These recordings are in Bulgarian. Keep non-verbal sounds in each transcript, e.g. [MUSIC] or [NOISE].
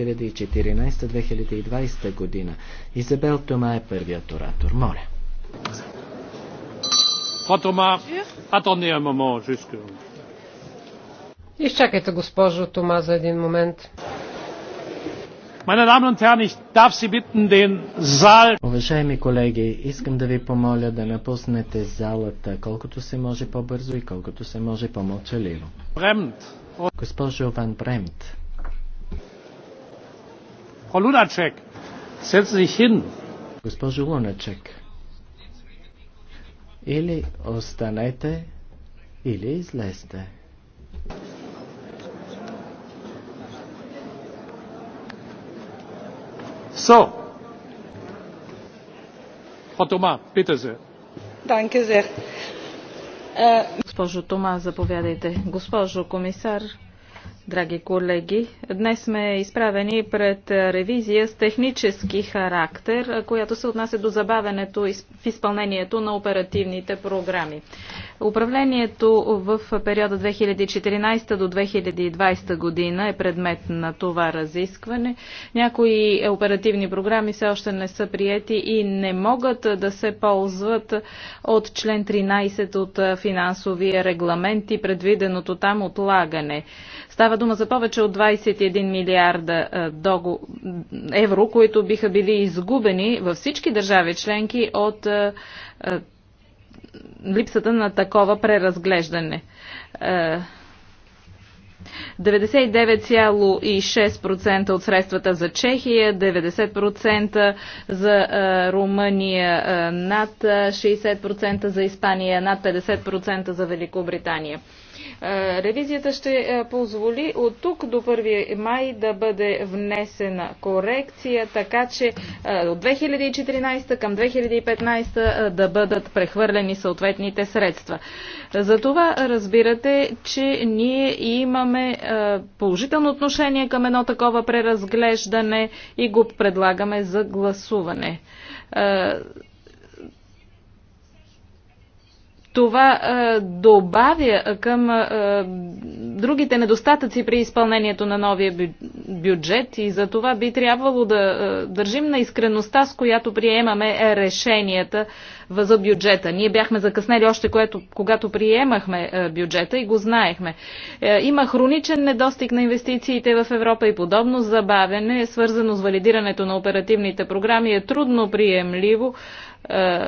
2014-2020 година. Изабел Тома е първият оратор. Моля. Тома, а то не Изчакайте, госпожо Тома, за един момент. Уважаеми колеги, искам да ви помоля да напуснете залата колкото се може по-бързо и колкото се може по-мълчаливо. Госпожо Ван Бремт, Frau Lunacek, setzen Sie sich hin. Госпожо Луначек, или останете, или излезте. So. Frau Thomas, bitte sehr. Danke sehr. Äh, Госпожо Тома, заповядайте. Госпожо комисар, драги колеги. Днес сме изправени пред ревизия с технически характер, която се отнася до забавенето в изпълнението на оперативните програми. Управлението в периода 2014 до 2020 година е предмет на това разискване. Някои оперативни програми все още не са приети и не могат да се ползват от член 13 от финансовия регламент и предвиденото там отлагане. Става Става дума за повече от 21 милиарда е, евро, които биха били изгубени във всички държави членки от е, е, липсата на такова преразглеждане. 99,6% от средствата за Чехия, 90% за Румъния, над 60% за Испания, над 50% за Великобритания. Е, ревизията ще е, позволи от тук до 1 май да бъде внесена корекция, така че е, от 2014 към 2015 да бъдат прехвърлени съответните средства. За това разбирате, че ние имаме положително отношение към едно такова преразглеждане и го предлагаме за гласуване това е, добавя е, към е, другите недостатъци при изпълнението на новия бюджет и за това би трябвало да е, държим на искреността, с която приемаме е, решенията за бюджета. Ние бяхме закъснели още което, когато приемахме е, бюджета и го знаехме. Е, има хроничен недостиг на инвестициите в Европа и подобно забавяне, свързано с валидирането на оперативните програми, е трудно приемливо. Е,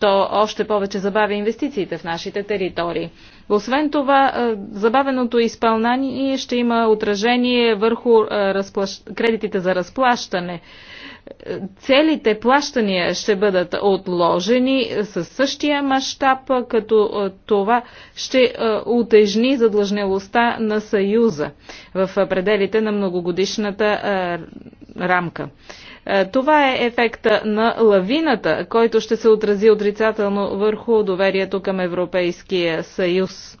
то още повече забавя инвестициите в нашите територии. Освен това, е, забавеното изпълнение ще има отражение върху е, разплащ... кредитите за разплащане. Е, целите плащания ще бъдат отложени със същия мащаб, като това ще утежни задлъжнелостта на Съюза в пределите на многогодишната рамка. Е, това е ефекта на лавината, който ще се отрази отрицателно върху доверието към Европейския съюз.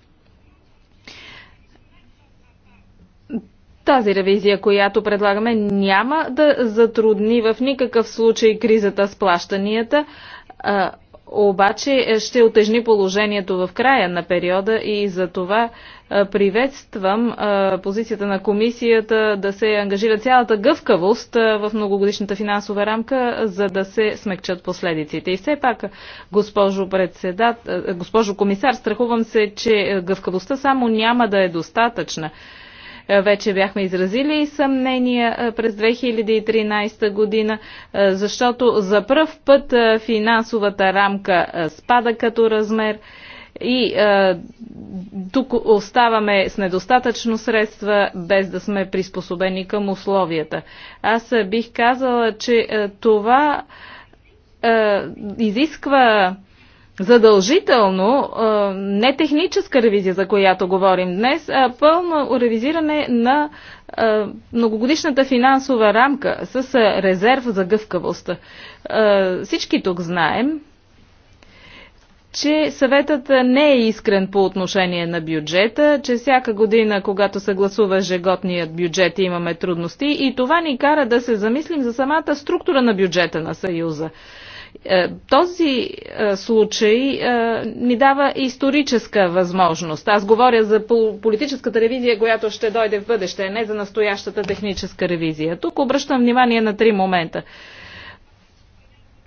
Тази ревизия, която предлагаме, няма да затрудни в никакъв случай кризата с плащанията обаче е, ще отежни положението в края на периода и за това е, приветствам е, позицията на комисията да се ангажира цялата гъвкавост в многогодишната финансова рамка, за да се смекчат последиците. И все пак, госпожо, председат, госпожо комисар, страхувам се, че гъвкавостта само няма да е достатъчна. Е, вече бяхме изразили е, и съмнения през 2013 година, е, защото за пръв път финансовата рамка спада като размер. И е, тук оставаме с недостатъчно средства, без да сме приспособени към условията. Аз бих казала, че е, това е, изисква задължително не техническа ревизия, за която говорим днес, а пълно ревизиране на многогодишната финансова рамка с резерв за гъвкавост. Всички тук знаем, че съветът не е искрен по отношение на бюджета, че всяка година, когато се гласува ежегодният бюджет, имаме трудности и това ни кара да се замислим за самата структура на бюджета на Съюза. Е, този е, случай ни е, дава историческа възможност. Аз говоря за политическата ревизия, която ще дойде в бъдеще, не за настоящата техническа ревизия. Тук обръщам внимание на три момента.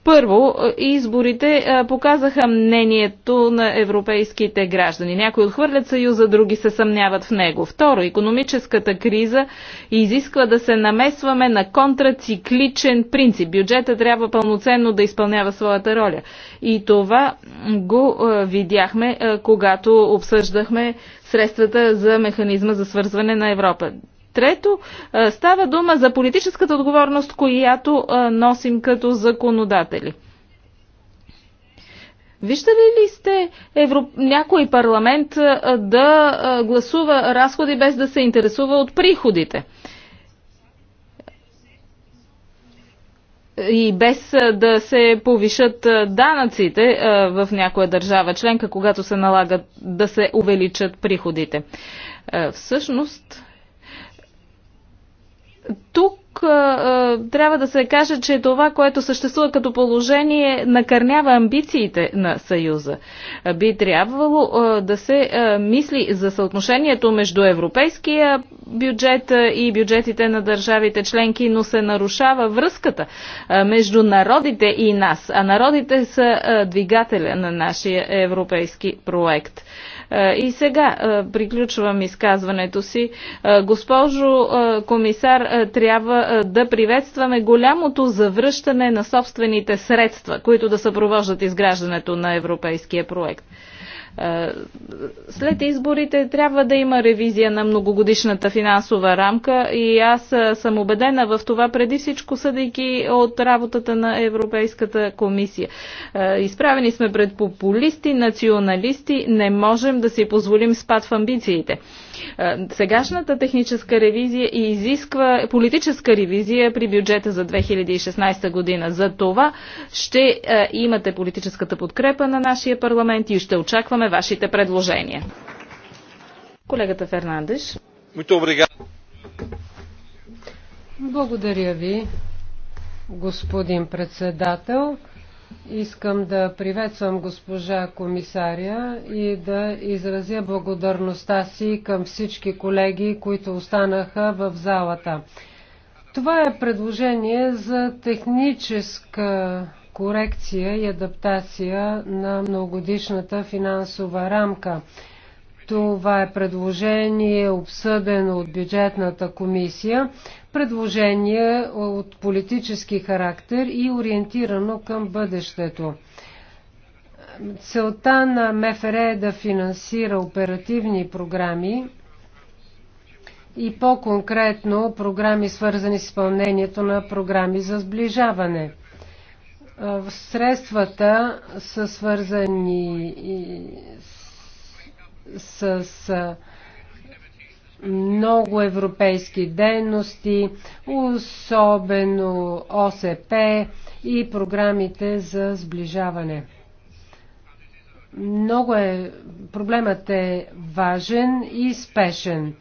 Първо, е, изборите е, показаха мнението на европейските граждани. Някои отхвърлят съюза, други се съмняват в него. Второ, економическата криза изисква да се намесваме на контрацикличен принцип. Бюджета трябва пълноценно да изпълнява своята роля. И това го е, видяхме, когато обсъждахме средствата за механизма за свързване на Европа. Трето, става дума за политическата отговорност, която носим като законодатели. Виждали ли сте Европ... някой парламент да гласува разходи без да се интересува от приходите? И без да се повишат данъците в някоя държава членка, когато се налагат да се увеличат приходите. Всъщност, тук а, трябва да се каже, че това, което съществува като положение, накърнява амбициите на Съюза. Би трябвало а, да се а, мисли за съотношението между европейския бюджет и бюджетите на държавите членки, но се нарушава връзката а, между народите и нас, а народите са а, двигателя на нашия европейски проект. А, е, и сега е, приключвам изказването си. Е, госпожо комисар, трябва да приветстваме голямото завръщане на собствените средства, които да съпровождат изграждането на европейския проект. Е, след изборите трябва да има ревизия на многогодишната финансова рамка и аз е, съм убедена в това преди всичко съдейки от работата на Европейската комисия. Е, изправени сме пред популисти, националисти, не можем да си позволим спад в амбициите. Е, сегашната техническа ревизия и изисква политическа ревизия при бюджета за 2016 година. За това ще е, имате политическата подкрепа на нашия парламент и ще очакваме вашите предложения. Колегата Фернандеш. Благодаря ви, господин председател. Искам да приветствам госпожа комисаря и да изразя благодарността си към всички колеги, които останаха в залата. Това е предложение за техническа корекция и адаптация на многодишната финансова рамка. Това е предложение, обсъдено от бюджетната комисия, предложение от политически характер и ориентирано към бъдещето. Целта на МФР е да финансира оперативни програми и по-конкретно програми свързани с изпълнението на програми за сближаване. Средствата са свързани с много европейски дейности, особено ОСП и програмите за сближаване. Много е, проблемът е важен и спешен.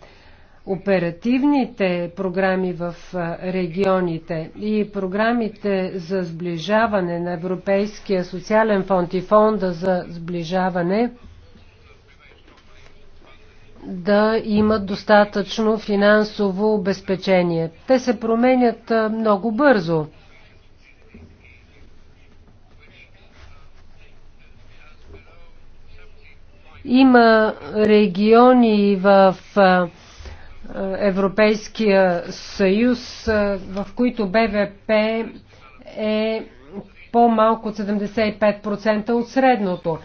Оперативните програми в регионите и програмите за сближаване на Европейския социален фонд и фонда за сближаване – да имат достатъчно финансово обезпечение. Те се променят много бързо. Има региони в Европейския съюз, в които БВП е по-малко от 75% от средното.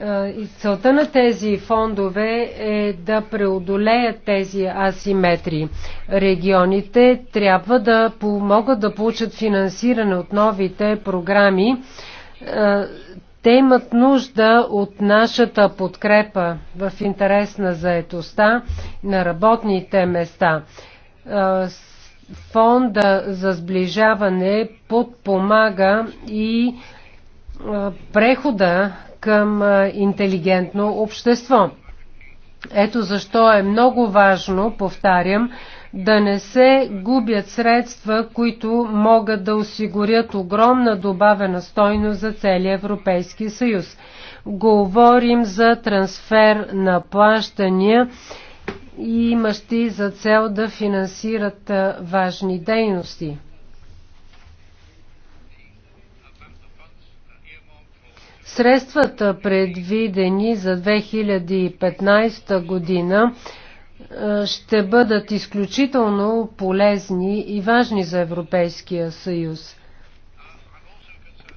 Е, целта на тези фондове е да преодолеят тези асиметрии. Регионите трябва да могат да получат финансиране от новите програми. Е, те имат нужда от нашата подкрепа в интерес на заетостта на работните места. Е, фонда за сближаване подпомага и прехода към интелигентно общество. Ето защо е много важно, повтарям, да не се губят средства, които могат да осигурят огромна добавена стойност за целия Европейски съюз. Говорим за трансфер на плащания, имащи за цел да финансират важни дейности. Средствата предвидени за 2015 година ще бъдат изключително полезни и важни за Европейския съюз.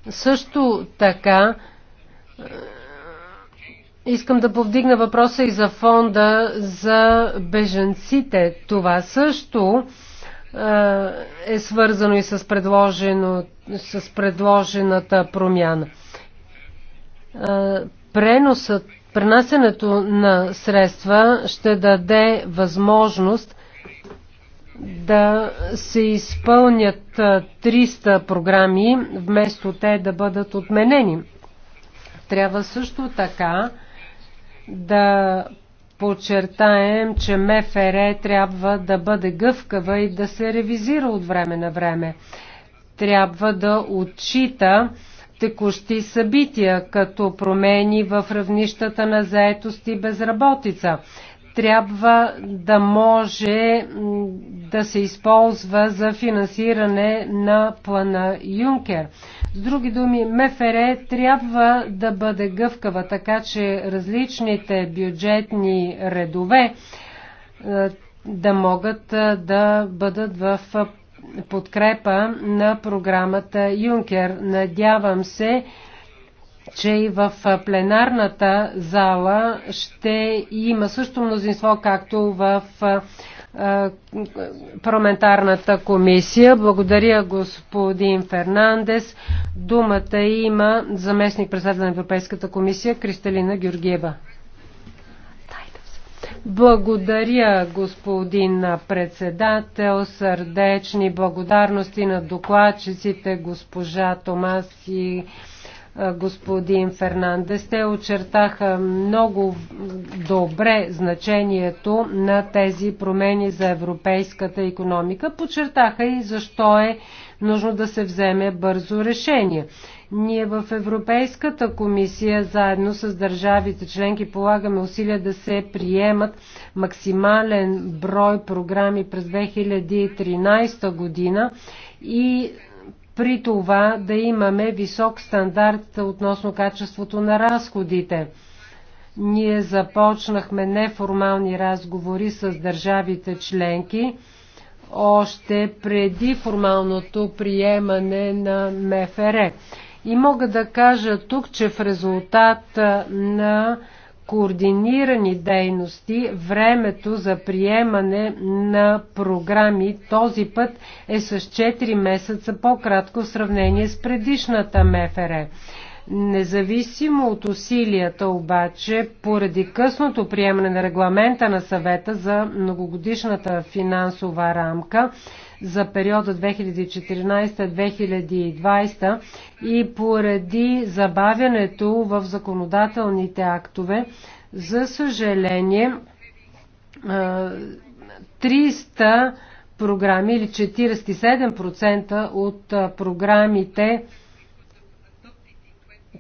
Също така искам да повдигна въпроса и за фонда за беженците. Това също е свързано и с, предложено, с предложената промяна. Е, преносът, пренасенето на средства ще даде възможност да се изпълнят 300 е, програми, вместо те да бъдат отменени. Трябва също така да подчертаем, че МФР трябва да бъде гъвкава и да се ревизира от време на време. Трябва да отчита текущи събития, като промени в равнищата на заетост и безработица. Трябва да може да се използва за финансиране на плана Юнкер. С други думи, МФР трябва да бъде гъвкава, така че различните бюджетни редове да могат да бъдат в подкрепа на програмата Юнкер. Надявам се, че и в пленарната зала ще има също мнозинство, както в парламентарната комисия. Благодаря господин Фернандес. Думата има заместник председател на Европейската комисия Кристалина Георгиева. Благодаря, господин председател. Сърдечни благодарности на докладчиците госпожа Томас и е, господин Фернандес. Те очертаха много добре значението на тези промени за европейската економика. Почертаха и защо е нужно да се вземе бързо решение. Ние в Европейската комисия заедно с държавите членки полагаме усилия да се приемат максимален брой програми през 2013 година и при това да имаме висок стандарт относно качеството на разходите. Ние започнахме неформални разговори с държавите членки още преди формалното приемане на МФР. И мога да кажа тук, че в резултат на координирани дейности, времето за приемане на програми този път е с 4 месеца по-кратко в сравнение с предишната МФР. Независимо от усилията обаче, поради късното приемане на регламента на съвета за многогодишната финансова рамка, за периода 2014-2020 и поради забавянето в законодателните актове, за съжаление, 300 програми или 47% от програмите,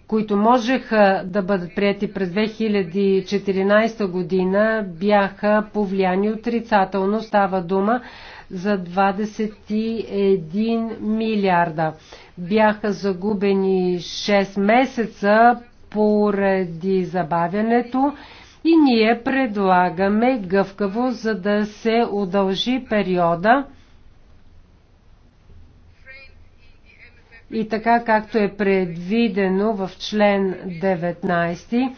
които можеха да бъдат прияти през 2014 година, бяха повлияни отрицателно. Става дума за 21 милиарда. Бяха загубени 6 месеца поради забавянето и ние предлагаме гъвкаво, за да се удължи периода. И така както е предвидено в член 19,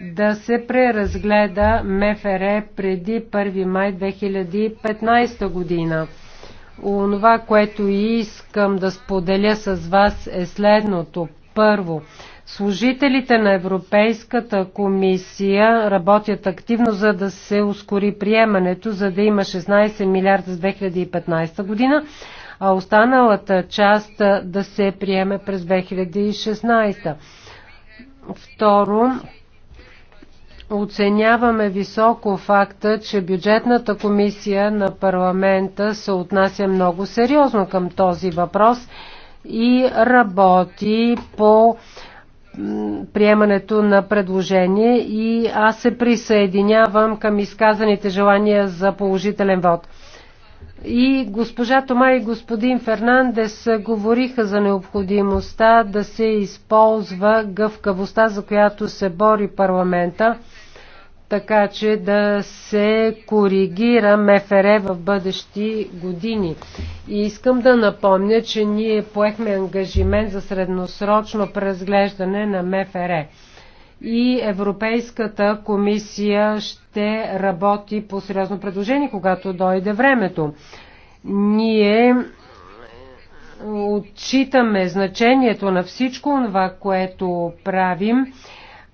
да се преразгледа МФР преди 1 май 2015 година. Онова, което искам да споделя с вас е следното. Първо, служителите на Европейската комисия работят активно, за да се ускори приемането, за да има 16 милиарда за 2015 година, а останалата част да се приеме през 2016. Второ, Оценяваме високо факта, че бюджетната комисия на парламента се отнася много сериозно към този въпрос и работи по приемането на предложение и аз се присъединявам към изказаните желания за положителен вод. И госпожа Тома и господин Фернандес говориха за необходимостта да се използва гъвкавостта, за която се бори парламента така че да се коригира МФР в бъдещи години. И искам да напомня, че ние поехме ангажимент за средносрочно преразглеждане на МФР. И Европейската комисия ще работи по сериозно предложение, когато дойде времето. Ние отчитаме значението на всичко това, което правим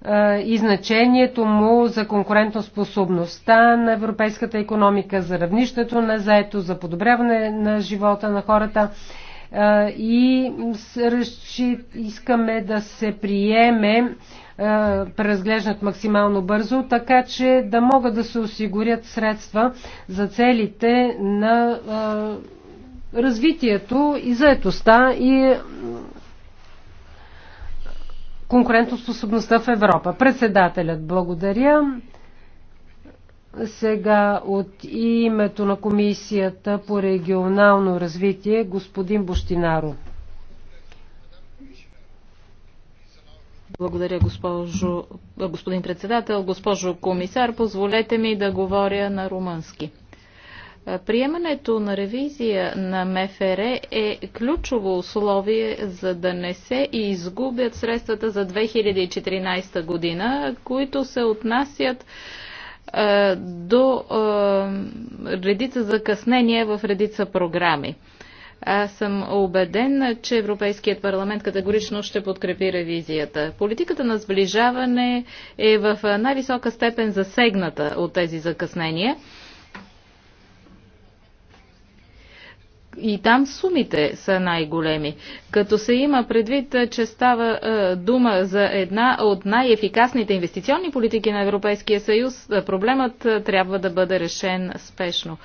е, и значението му за конкурентоспособността на европейската економика, за равнището на заето, за подобряване на живота на хората. Е, и искаме да се приеме е, преразглеждат максимално бързо, така че да могат да се осигурят средства за целите на развитието и заетостта и конкурентоспособността в Европа. Председателят, благодаря. Сега от името на Комисията по регионално развитие господин Бощинаро. Благодаря, госпожо, господин председател. Госпожо комисар, позволете ми да говоря на румънски. Приемането на ревизия на МФР е ключово условие за да не се изгубят средствата за 2014 година, които се отнасят е, до е, редица закъснения в редица програми. Аз съм убеден, че Европейският парламент категорично ще подкрепи ревизията. Политиката на сближаване е в най-висока степен засегната от тези закъснения. и там сумите са най-големи. Като се има предвид, че става е, дума за една от най-ефикасните инвестиционни политики на Европейския съюз, е, проблемът е, трябва да бъде решен спешно.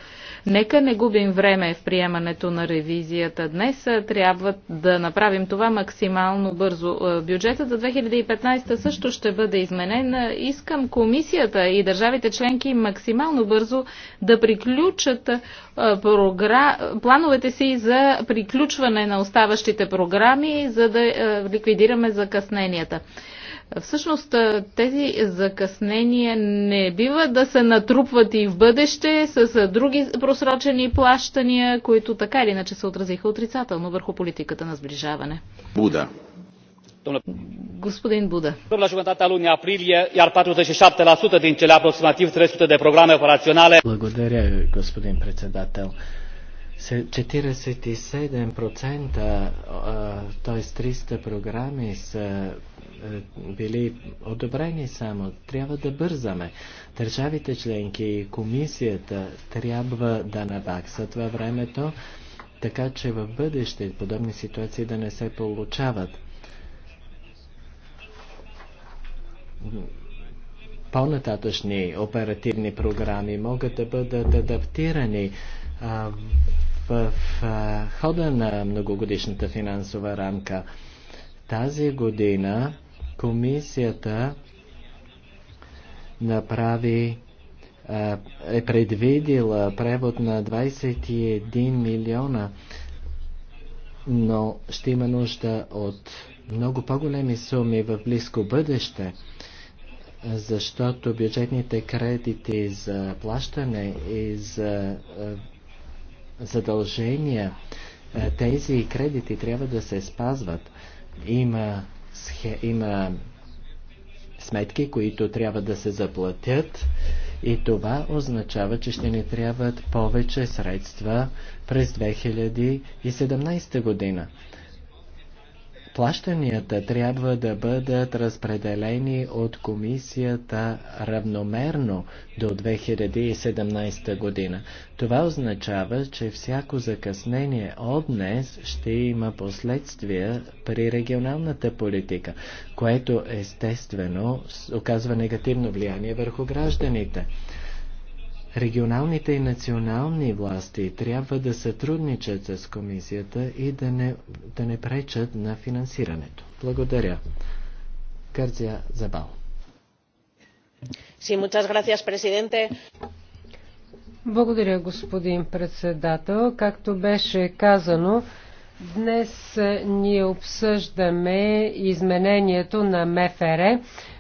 Нека не губим време в приемането на ревизията. Днес трябва да направим това максимално бързо. Е, бюджетът за 2015 също ще бъде изменен. Искам комисията и държавите членки максимално бързо да приключат е, програ... плановете си за приключване на оставащите програми, за да е, ликвидираме закъсненията. Всъщност тези закъснения не бива да се натрупват и в бъдеще с други просрочени плащания, които така или иначе се отразиха отрицателно върху политиката на сближаване. Буда. Господин Буда. La jumătatea lunii aprilie, iar 47% din cele aproximativ 300 de programe operaționale. Благодаря, господин председател. 47%, т.е. 300 програми са е, били одобрени само. Трябва да бързаме. Държавите членки и комисията трябва да набаксат във времето, така че в бъдеще подобни ситуации да не се получават. По-нататъчни оперативни програми могат да бъдат адаптирани а, в а, хода на многогодишната финансова рамка. Тази година Комисията направи е предвидила превод на 21 милиона, но ще има нужда от много по-големи суми в близко бъдеще, защото бюджетните кредити за плащане и за задължения, тези кредити трябва да се спазват. Има има сметки, които трябва да се заплатят и това означава, че ще ни трябват повече средства през 2017 година плащанията трябва да бъдат разпределени от комисията равномерно до 2017 година. Това означава, че всяко закъснение от днес ще има последствия при регионалната политика, което естествено оказва негативно влияние върху гражданите. Регионалните и национални власти трябва да сътрудничат с комисията и да не, да не пречат на финансирането. Благодаря. Кърция Забал. Sí, muchas gracias, presidente. Благодаря, господин председател. Както беше казано, днес ние обсъждаме изменението на МФР,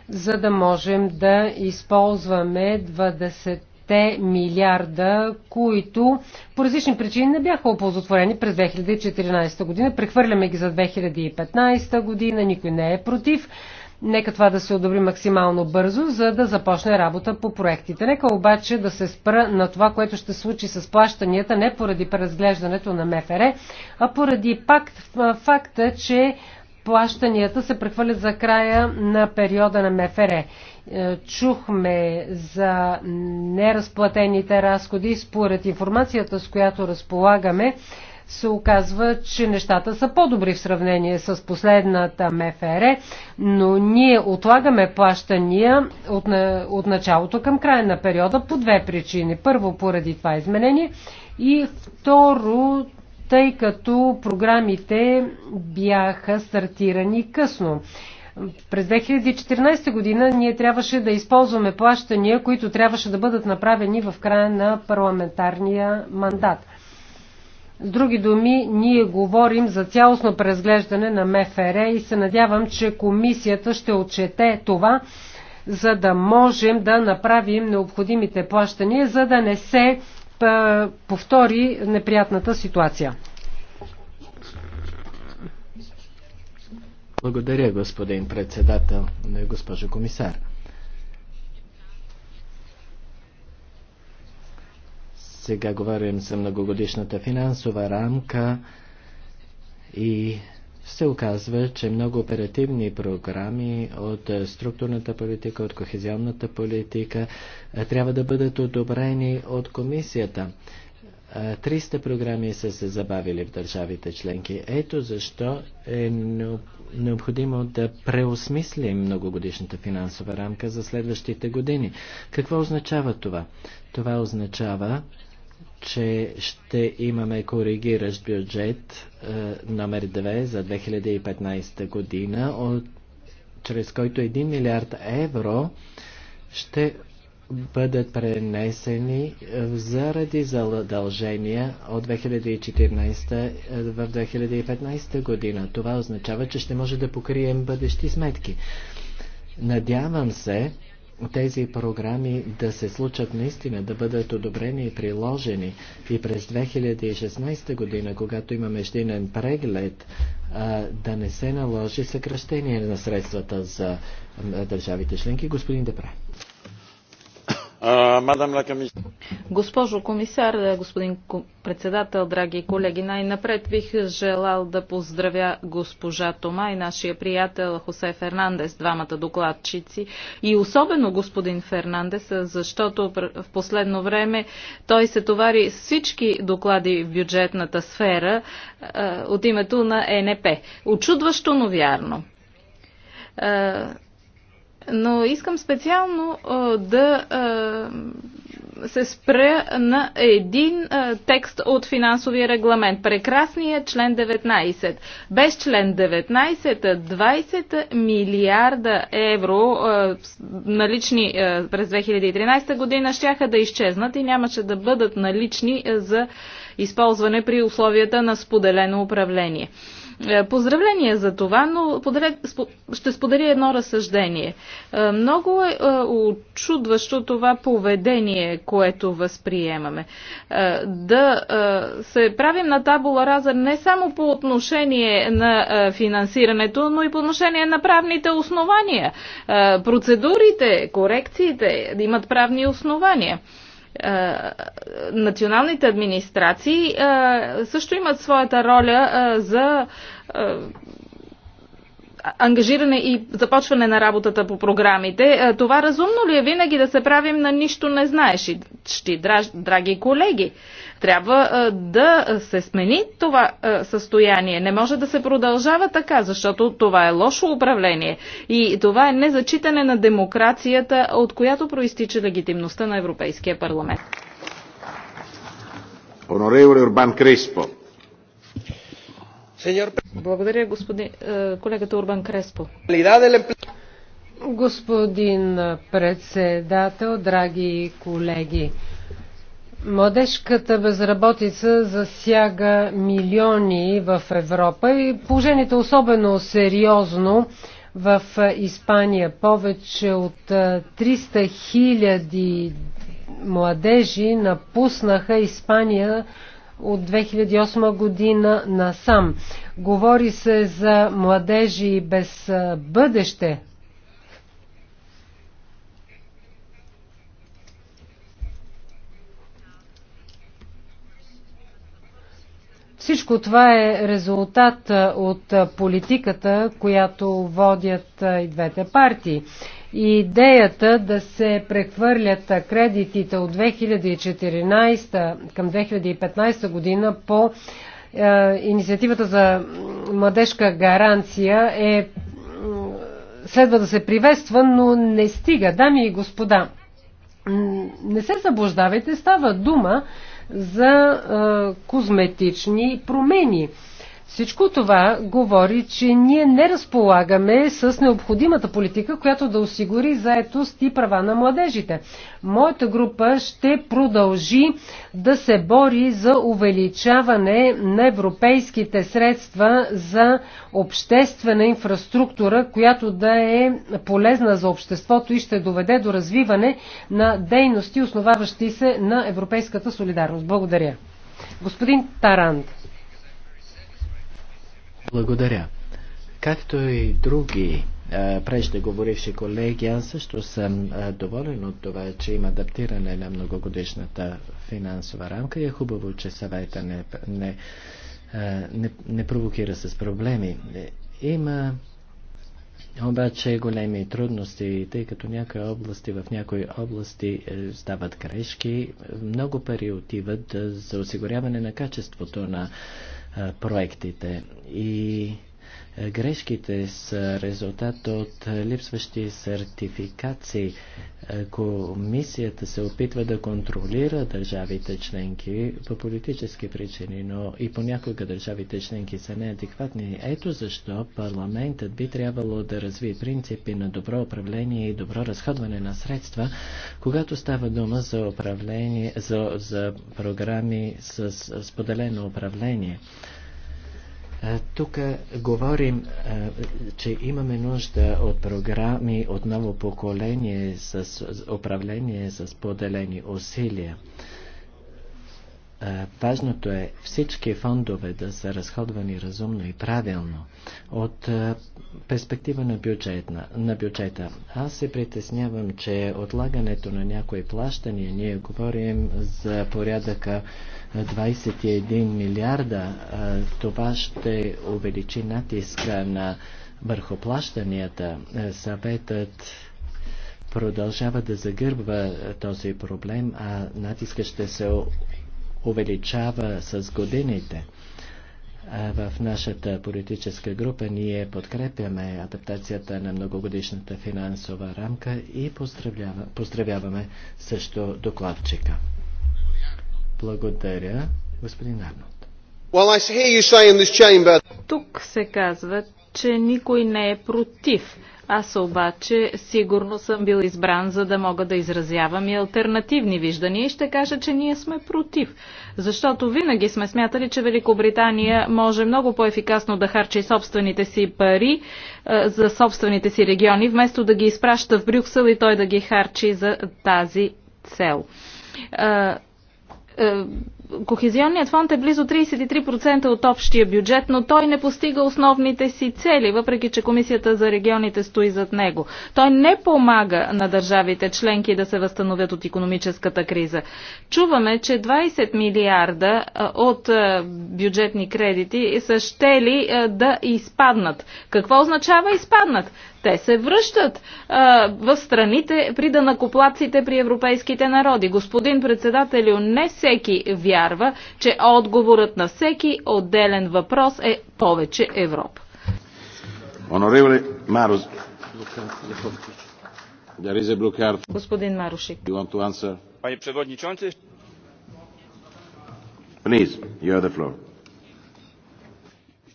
за да можем да използваме 20-те милиарда, които по различни причини не бяха оползотворени през 2014 година. Прехвърляме ги за 2015 година, никой не е против. Нека това да се одобри максимално бързо, за да започне работа по проектите. Нека обаче да се спра на това, което ще случи с плащанията не поради преразглеждането на МФР, а поради пакт, факта, че плащанията се прехвърлят за края на периода на МФР. Е, чухме за неразплатените разходи. Според информацията, с която разполагаме, се оказва, че нещата са по-добри в сравнение с последната МФР, но ние отлагаме плащания от, на, от началото към края на периода по две причини. Първо, поради това изменение и второ, тъй като програмите бяха стартирани късно. През 2014 година ние трябваше да използваме плащания, които трябваше да бъдат направени в края на парламентарния мандат. С други думи, ние говорим за цялостно преразглеждане на МФР и се надявам, че комисията ще отчете това, за да можем да направим необходимите плащания, за да не се повтори неприятната ситуация. Благодаря, господин председател, госпожо комисар. Сега говорим за многогодишната финансова рамка и се оказва, че много оперативни програми от е, структурната политика, от кохезионната политика е, трябва да бъдат одобрени от комисията. 300 е, програми са се забавили в държавите членки. Ето защо е необходимо да преосмислим многогодишната финансова рамка за следващите години. Какво означава това? Това означава, че ще имаме коригиращ бюджет е, номер 2 за 2015 година, от, чрез който 1 милиард евро ще бъдат пренесени е, заради задължения от 2014 е, в 2015 година. Това означава, че ще може да покрием бъдещи сметки. Надявам се, тези програми да се случат наистина, да бъдат одобрени и приложени. И през 2016 година, когато има междинен преглед, да не се наложи съкръщение на средствата за държавите членки. Господин Депре. Госпожо комисар, господин председател, драги колеги, най-напред бих желал да поздравя госпожа Тома и нашия приятел Хосе Фернандес, двамата докладчици, и особено господин Фернандес, защото в последно време той се товари с всички доклади в бюджетната сфера от името на ЕНП. Очудващо, но вярно но искам специално а, да а, се спра на един а, текст от финансовия регламент. Прекрасният член 19. Без член 19 20 милиарда евро а, налични а, през 2013 година щяха да изчезнат и нямаше да бъдат налични а, за използване при условията на споделено управление. А, е, Поздравление за това, но ще споделя едно разсъждение. Е, много е, е очудващо това поведение, което възприемаме. Да се правим на табула раза не само по отношение на финансирането, но и по отношение на правните основания. Процедурите, корекциите имат правни основания. Е, националните администрации е, също имат своята роля е, за ангажиране и започване на работата по програмите. Това разумно ли е винаги да се правим на нищо не знаеш? Драги колеги, трябва да се смени това състояние. Не може да се продължава така, защото това е лошо управление и това е незачитане на демокрацията, от която проистича легитимността на Европейския парламент. Урбан Креспо. Благодаря, господин, колегата Урбан Креспо. Господин председател, драги колеги, Младежката безработица засяга милиони в Европа и положението е особено сериозно в Испания. Повече от 300 хиляди младежи напуснаха Испания от 2008 година насам. Говори се за младежи без бъдеще, Всичко това е резултат от политиката, която водят и двете партии. Идеята да се прехвърлят кредитите от 2014 към 2015 година по инициативата за младежка гаранция е следва да се приветства, но не стига. Дами и господа, не се заблуждавайте, става дума за козметични промени. Всичко това говори, че ние не разполагаме с необходимата политика, която да осигури заетост и права на младежите. Моята група ще продължи да се бори за увеличаване на европейските средства за обществена инфраструктура, която да е полезна за обществото и ще доведе до развиване на дейности, основаващи се на европейската солидарност. Благодаря. Господин Тарант. Благодаря. Както и други преждеговоривши колеги, аз също съм доволен от това, че има адаптиране на многогодишната финансова рамка и е хубаво, че съвета не, не, не, не провокира с проблеми. Има обаче големи трудности, тъй като някои области, в някои области е, стават грешки, много пари отиват за осигуряване на качеството на проектите. И Грешките са резултат от липсващи сертификации. Комисията се опитва да контролира държавите членки по политически причини, но и понякога държавите членки са неадекватни. Ето защо парламентът би трябвало да разви принципи на добро управление и добро разходване на средства, когато става дума за управление, за, за програми с споделено управление. Тук говорим, че имаме нужда от програми от ново поколение с управление с поделени усилия. Е, важното е всички фондове да са разходвани разумно и правилно. От е, перспектива на, бюджетна, на бюджета, аз се притеснявам, че отлагането на някои плащания, ние говорим за порядъка 21 е, милиарда, това ще увеличи натиска на върху плащанията. Съветът продължава да загърбва този проблем, а натиска ще се увеличава с годините. В нашата политическа група ние подкрепяме адаптацията на многогодишната финансова рамка и поздравяваме също докладчика. Благодаря, господин Арнот. Тук се казва, че никой не е против аз обаче сигурно съм бил избран, за да мога да изразявам и альтернативни виждания и ще кажа, че ние сме против. Защото винаги сме смятали, че Великобритания може много по-ефикасно да харчи собствените си пари е, за собствените си региони, вместо да ги изпраща в Брюксел и той да ги харчи за тази цел. Е, е, Кохезионният фонд е близо 33% от общия бюджет, но той не постига основните си цели, въпреки че Комисията за регионите стои зад него. Той не помага на държавите членки да се възстановят от економическата криза. Чуваме, че 20 милиарда от бюджетни кредити са щели да изпаднат. Какво означава изпаднат? те се връщат а, в страните при данакоплаците при европейските народи. Господин председателю, не всеки вярва, че отговорът на всеки отделен въпрос е повече Европа. Оноревле Мароз. Господин Марушик. Пани przewodniczący. Please, you have the floor.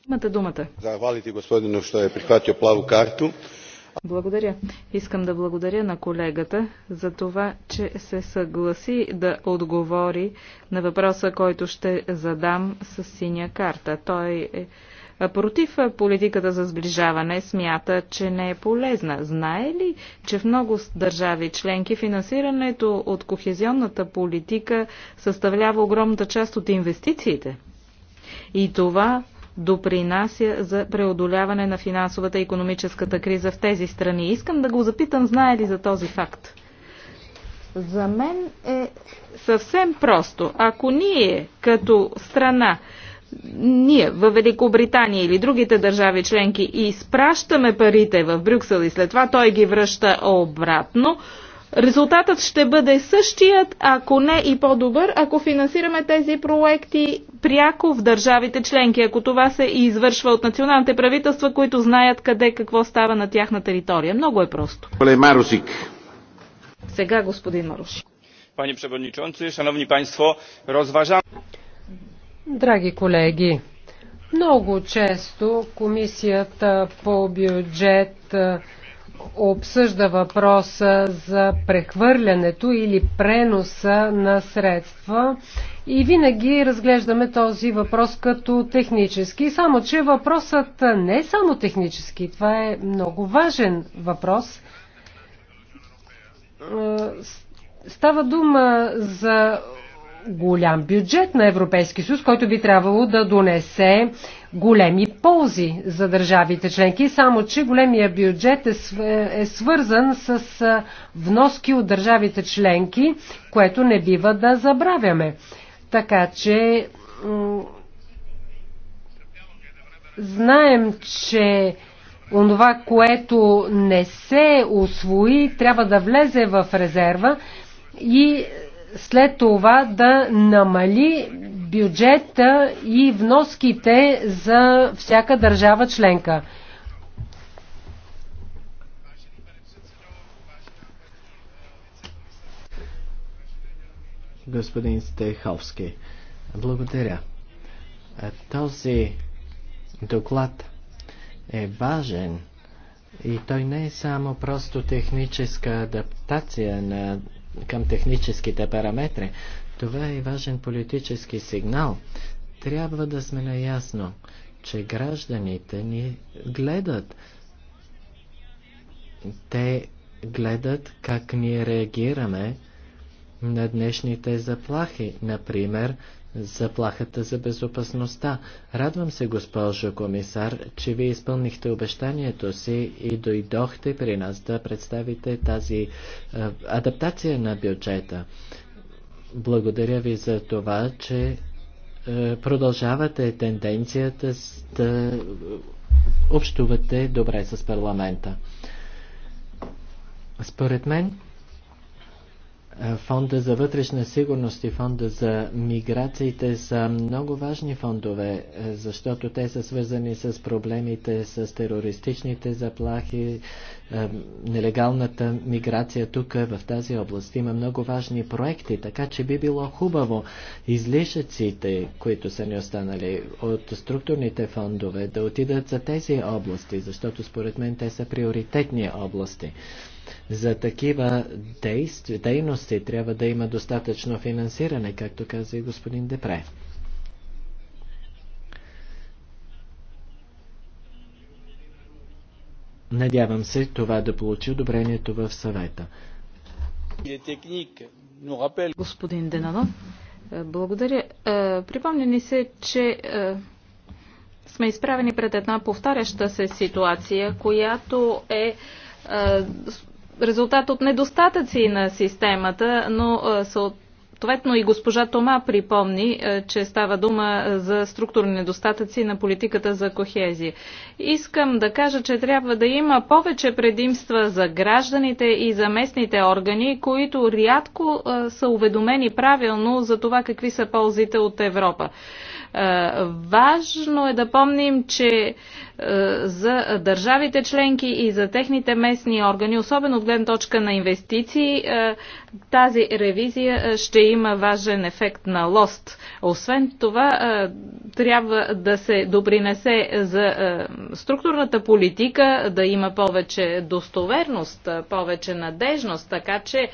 Имате думата. Захвалите господину, що е прихватил плаву карту. Благодаря. Искам да благодаря на колегата за това, че се съгласи да отговори на въпроса, който ще задам с синя карта. Той е против политиката за сближаване смята, че не е полезна. Знае ли, че в много държави членки финансирането от кохезионната политика съставлява огромната част от инвестициите? И това допринася за преодоляване на финансовата и економическата криза в тези страни. Искам да го запитам, знае ли за този факт? За мен е съвсем просто. Ако ние като страна ние в Великобритания или другите държави членки изпращаме парите в Брюксел и след това той ги връща обратно, Резултатът ще бъде същият, ако не и по-добър, ако финансираме тези проекти пряко в държавите членки, ако това се и извършва от националните правителства, които знаят къде какво става на тяхна територия. Много е просто. Сега господин Марушик. Panie Преводничонци, шановни панство, rozważamy... Драги колеги, много често комисията по бюджет обсъжда въпроса за прехвърлянето или преноса на средства и винаги разглеждаме този въпрос като технически, само че въпросът не е само технически, това е много важен въпрос. Е, става дума за голям бюджет на Европейски съюз, който би трябвало да донесе големи ползи за държавите членки, само че големия бюджет е, е свързан с вноски от държавите членки, което не бива да забравяме. Така че знаем, че онова, което не се освои, трябва да влезе в резерва и след това да намали бюджета и вноските за всяка държава членка. Господин Стеховски, благодаря. Е, този доклад е важен и той не е само просто техническа адаптация на към техническите параметри. Това е важен политически сигнал. Трябва да сме наясно, че гражданите ни гледат. Те гледат как ние реагираме на днешните заплахи, например заплахата за безопасността. Радвам се, госпожо комисар, че вие изпълнихте обещанието си и дойдохте при нас да представите тази е, адаптация на бюджета. Благодаря ви за това, че е, продължавате тенденцията да общувате добре с парламента. Според мен, е, фонда за вътрешна сигурност и фонда за миграциите са много важни фондове, е, защото те са свързани с проблемите с терористичните заплахи, е, нелегалната миграция тук в тази област. Има много важни проекти, така че би било хубаво излишъците, които са ни останали от структурните фондове, да отидат за тези области, защото според мен те са приоритетни области. За такива действи, дейности трябва да има достатъчно финансиране, както каза и господин Депре. Надявам се това да получи одобрението в съвета. Господин Денанов, е, благодаря. Е, припомня ни се, че е, сме изправени пред една повтаряща се ситуация, която е резултат от недостатъци на системата, но съответно и госпожа Тома припомни, че става дума за структурни недостатъци на политиката за кохезия. Искам да кажа, че трябва да има повече предимства за гражданите и за местните органи, които рядко са уведомени правилно за това какви са ползите от Европа. Важно е да помним, че е, за държавите членки и за техните местни органи, особено от гледна точка на инвестиции, е, тази ревизия е, ще има важен ефект на лост. Освен това, трябва да се допринесе за структурната политика, да има повече достоверност, повече надежност, така че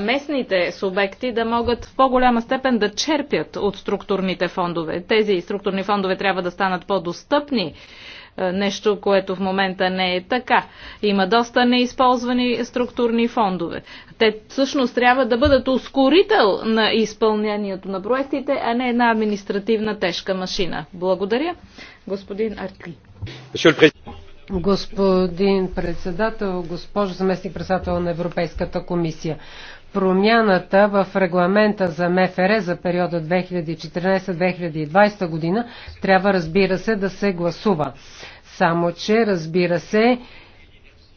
местните субекти да могат в по-голяма степен да черпят от структурните фондове. Тези структурни фондове трябва да станат по-достъпни е, нещо, което в момента не е така. Има доста неизползвани структурни фондове. Те всъщност трябва да бъдат ускорител на изпълнението на проектите, а не една административна тежка машина. Благодаря. Господин Артли. Господин председател, госпожо заместник председател на Европейската комисия промяната в регламента за МФР за периода 2014-2020 година трябва, разбира се, да се гласува. Само, че, разбира се,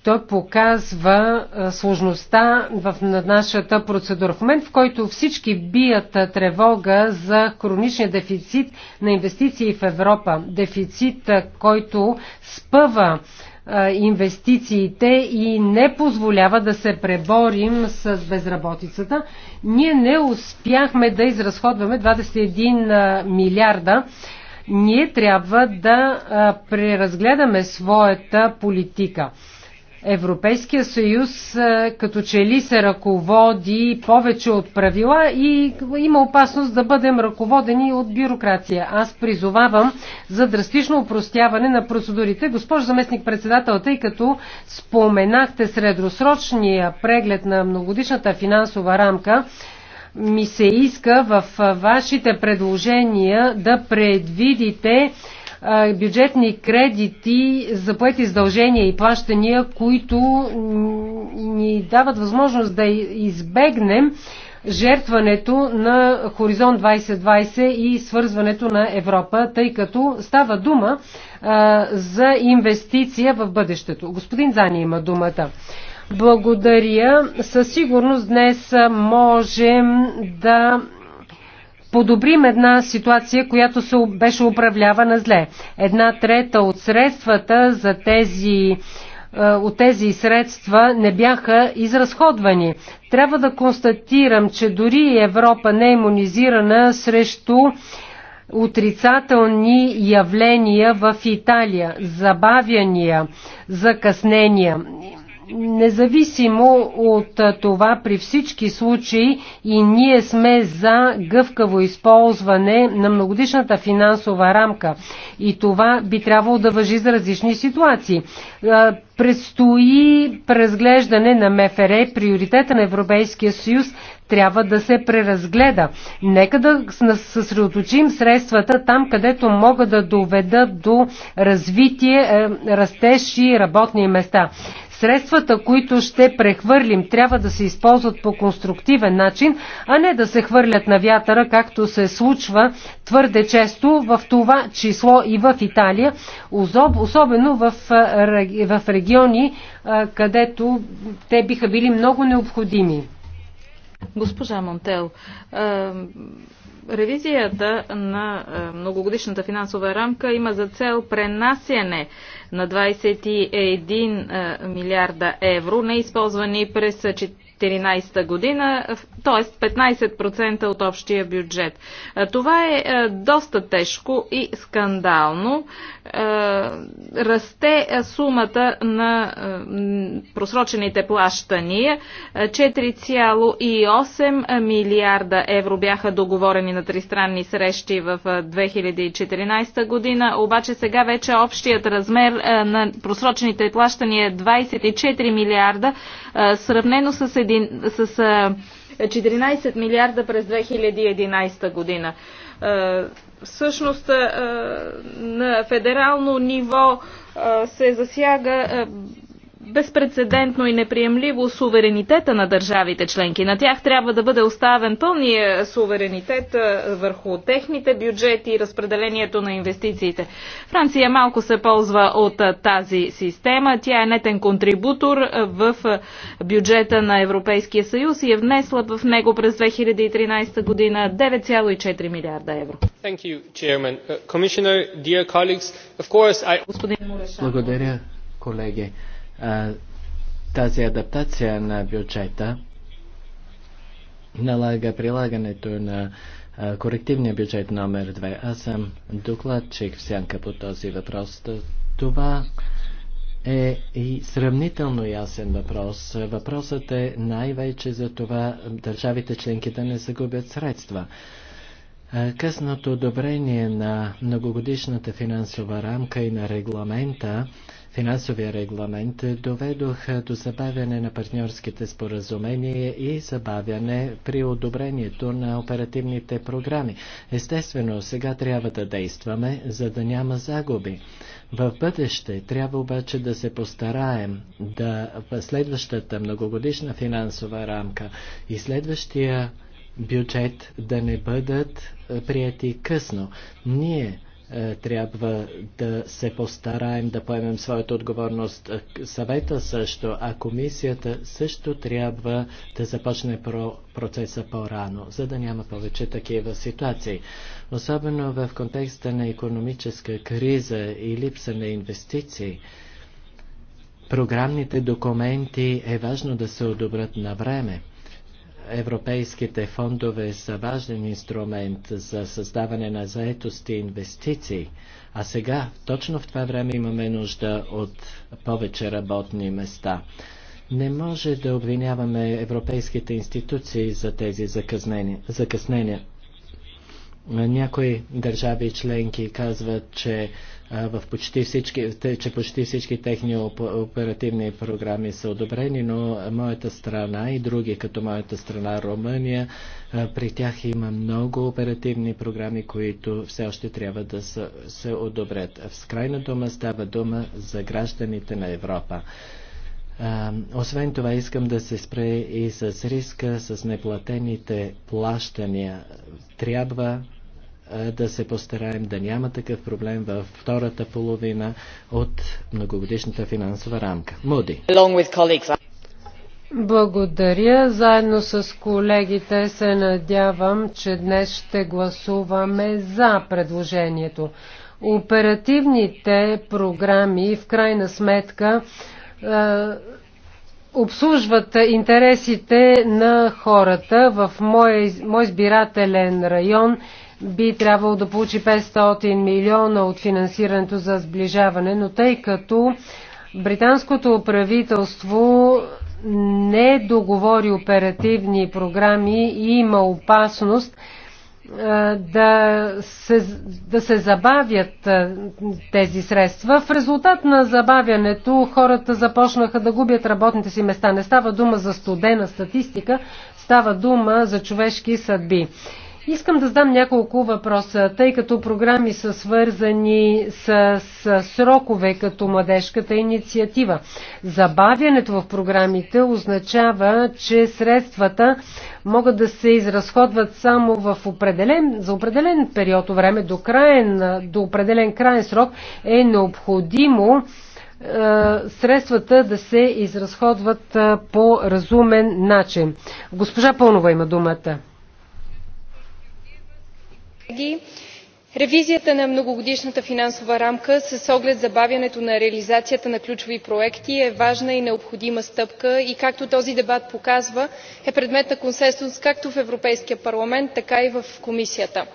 той показва сложността в нашата процедура. В момент, в който всички бият тревога за хроничния дефицит на инвестиции в Европа, дефицит, който спъва инвестициите и не позволява да се преборим с безработицата. Ние не успяхме да изразходваме 21 милиарда. Ние трябва да преразгледаме своята политика. Европейския съюз като че ли се ръководи повече от правила и има опасност да бъдем ръководени от бюрокрация. Аз призовавам за драстично упростяване на процедурите. Госпожо заместник председател, тъй като споменахте средросрочния преглед на многодишната финансова рамка, ми се иска в вашите предложения да предвидите бюджетни кредити за поети издължения и плащания, които ни дават възможност да избегнем жертването на Хоризонт 2020 и свързването на Европа, тъй като става дума а, за инвестиция в бъдещето. Господин Зани има думата. Благодаря. Със сигурност днес можем да подобрим една ситуация, която се беше управлявана зле. Една трета от средствата за тези е, от тези средства не бяха изразходвани. Трябва да констатирам, че дори Европа не е иммунизирана срещу отрицателни явления в Италия, забавяния, закъснения. Независимо от това, при всички случаи и ние сме за гъвкаво използване на многодишната финансова рамка. И това би трябвало да въжи за различни ситуации. Предстои преразглеждане на МФР. Приоритета на Европейския съюз трябва да се преразгледа. Нека да съсредоточим средствата там, където могат да доведат до развитие, е, растеж и работни места. Средствата, които ще прехвърлим, трябва да се използват по конструктивен начин, а не да се хвърлят на вятъра, както се случва твърде често в това число и в Италия, особено в, в региони, където те биха били много необходими. Госпожа Монтел, ревизията на многогодишната финансова рамка има за цел пренасяне на 21 е, милиарда евро, неизползвани през 2014 година, т.е. 15% от общия бюджет. Е, това е, е доста тежко и скандално е, расте сумата на е, просрочените плащания. 4,8 милиарда евро бяха договорени на тристранни срещи в 2014 е, година, обаче сега вече общият размер на просрочените плащания е 24 милиарда, сравнено с, един, с 14 милиарда през 2011 година всъщност на федерално ниво се засяга безпредседентно и неприемливо суверенитета на държавите членки. На тях трябва да бъде оставен пълния суверенитет върху техните бюджети и разпределението на инвестициите. Франция малко се ползва от тази система. Тя е нетен контрибутор в бюджета на Европейския съюз и е внесла в него през 2013 година 9,4 милиарда евро. Uh, Благодаря, колеги. Тази адаптация на бюджета налага прилагането на корективния бюджет номер 2. Аз съм докладчик в сянка по този въпрос. Това е и сравнително ясен въпрос. Въпросът е най-вече за това държавите членки да не загубят средства. Късното одобрение на многогодишната финансова рамка и на регламента финансовия регламент доведоха до забавяне на партньорските споразумения и забавяне при одобрението на оперативните програми. Естествено, сега трябва да действаме, за да няма загуби. В бъдеще трябва обаче да се постараем да в следващата многогодишна финансова рамка и следващия бюджет да не бъдат прияти късно. Ние е, трябва да се постараем да поемем своята отговорност. Е, съвета също, а комисията също трябва да започне про процеса по-рано, за да няма повече такива ситуации. Особено в контекста на економическа криза и липса на инвестиции. Програмните документи е важно да се одобрят на време. Европейските фондове са важен инструмент за създаване на заетост и инвестиции, а сега, точно в това време, имаме нужда от повече работни места. Не може да обвиняваме европейските институции за тези закъснения. закъснения. Някои държави членки казват, че в почти всички, че почти всички техни оперативни програми са одобрени, но моята страна и други, като моята страна Румъния, при тях има много оперативни програми, които все още трябва да се одобрят. В крайна дума става дума за гражданите на Европа. Освен това искам да се спре и с риска, с неплатените плащания. Трябва да се постараем да няма такъв проблем във втората половина от многогодишната финансова рамка. Муди. Благодаря. Заедно с колегите се надявам, че днес ще гласуваме за предложението. Оперативните програми в крайна сметка е, обслужват интересите на хората в мой, мой избирателен район би трябвало да получи 500 милиона от финансирането за сближаване, но тъй като британското правителство не договори оперативни програми и има опасност да се, да се забавят тези средства. В резултат на забавянето хората започнаха да губят работните си места. Не става дума за студена статистика, става дума за човешки съдби. Искам да задам няколко въпроса, тъй като програми са свързани с, с срокове като младежката инициатива. Забавянето в програмите означава, че средствата могат да се изразходват само в определен, за определен период от време, до, краен, до определен крайен срок е необходимо е, средствата да се изразходват е, по разумен начин. Госпожа Пълнова има думата колеги! ревизията на многогодишната финансова рамка с оглед забавянето на реализацията на ключови проекти е важна и необходима стъпка и както този дебат показва е предмет на консенсус както в европейския парламент така и в комисията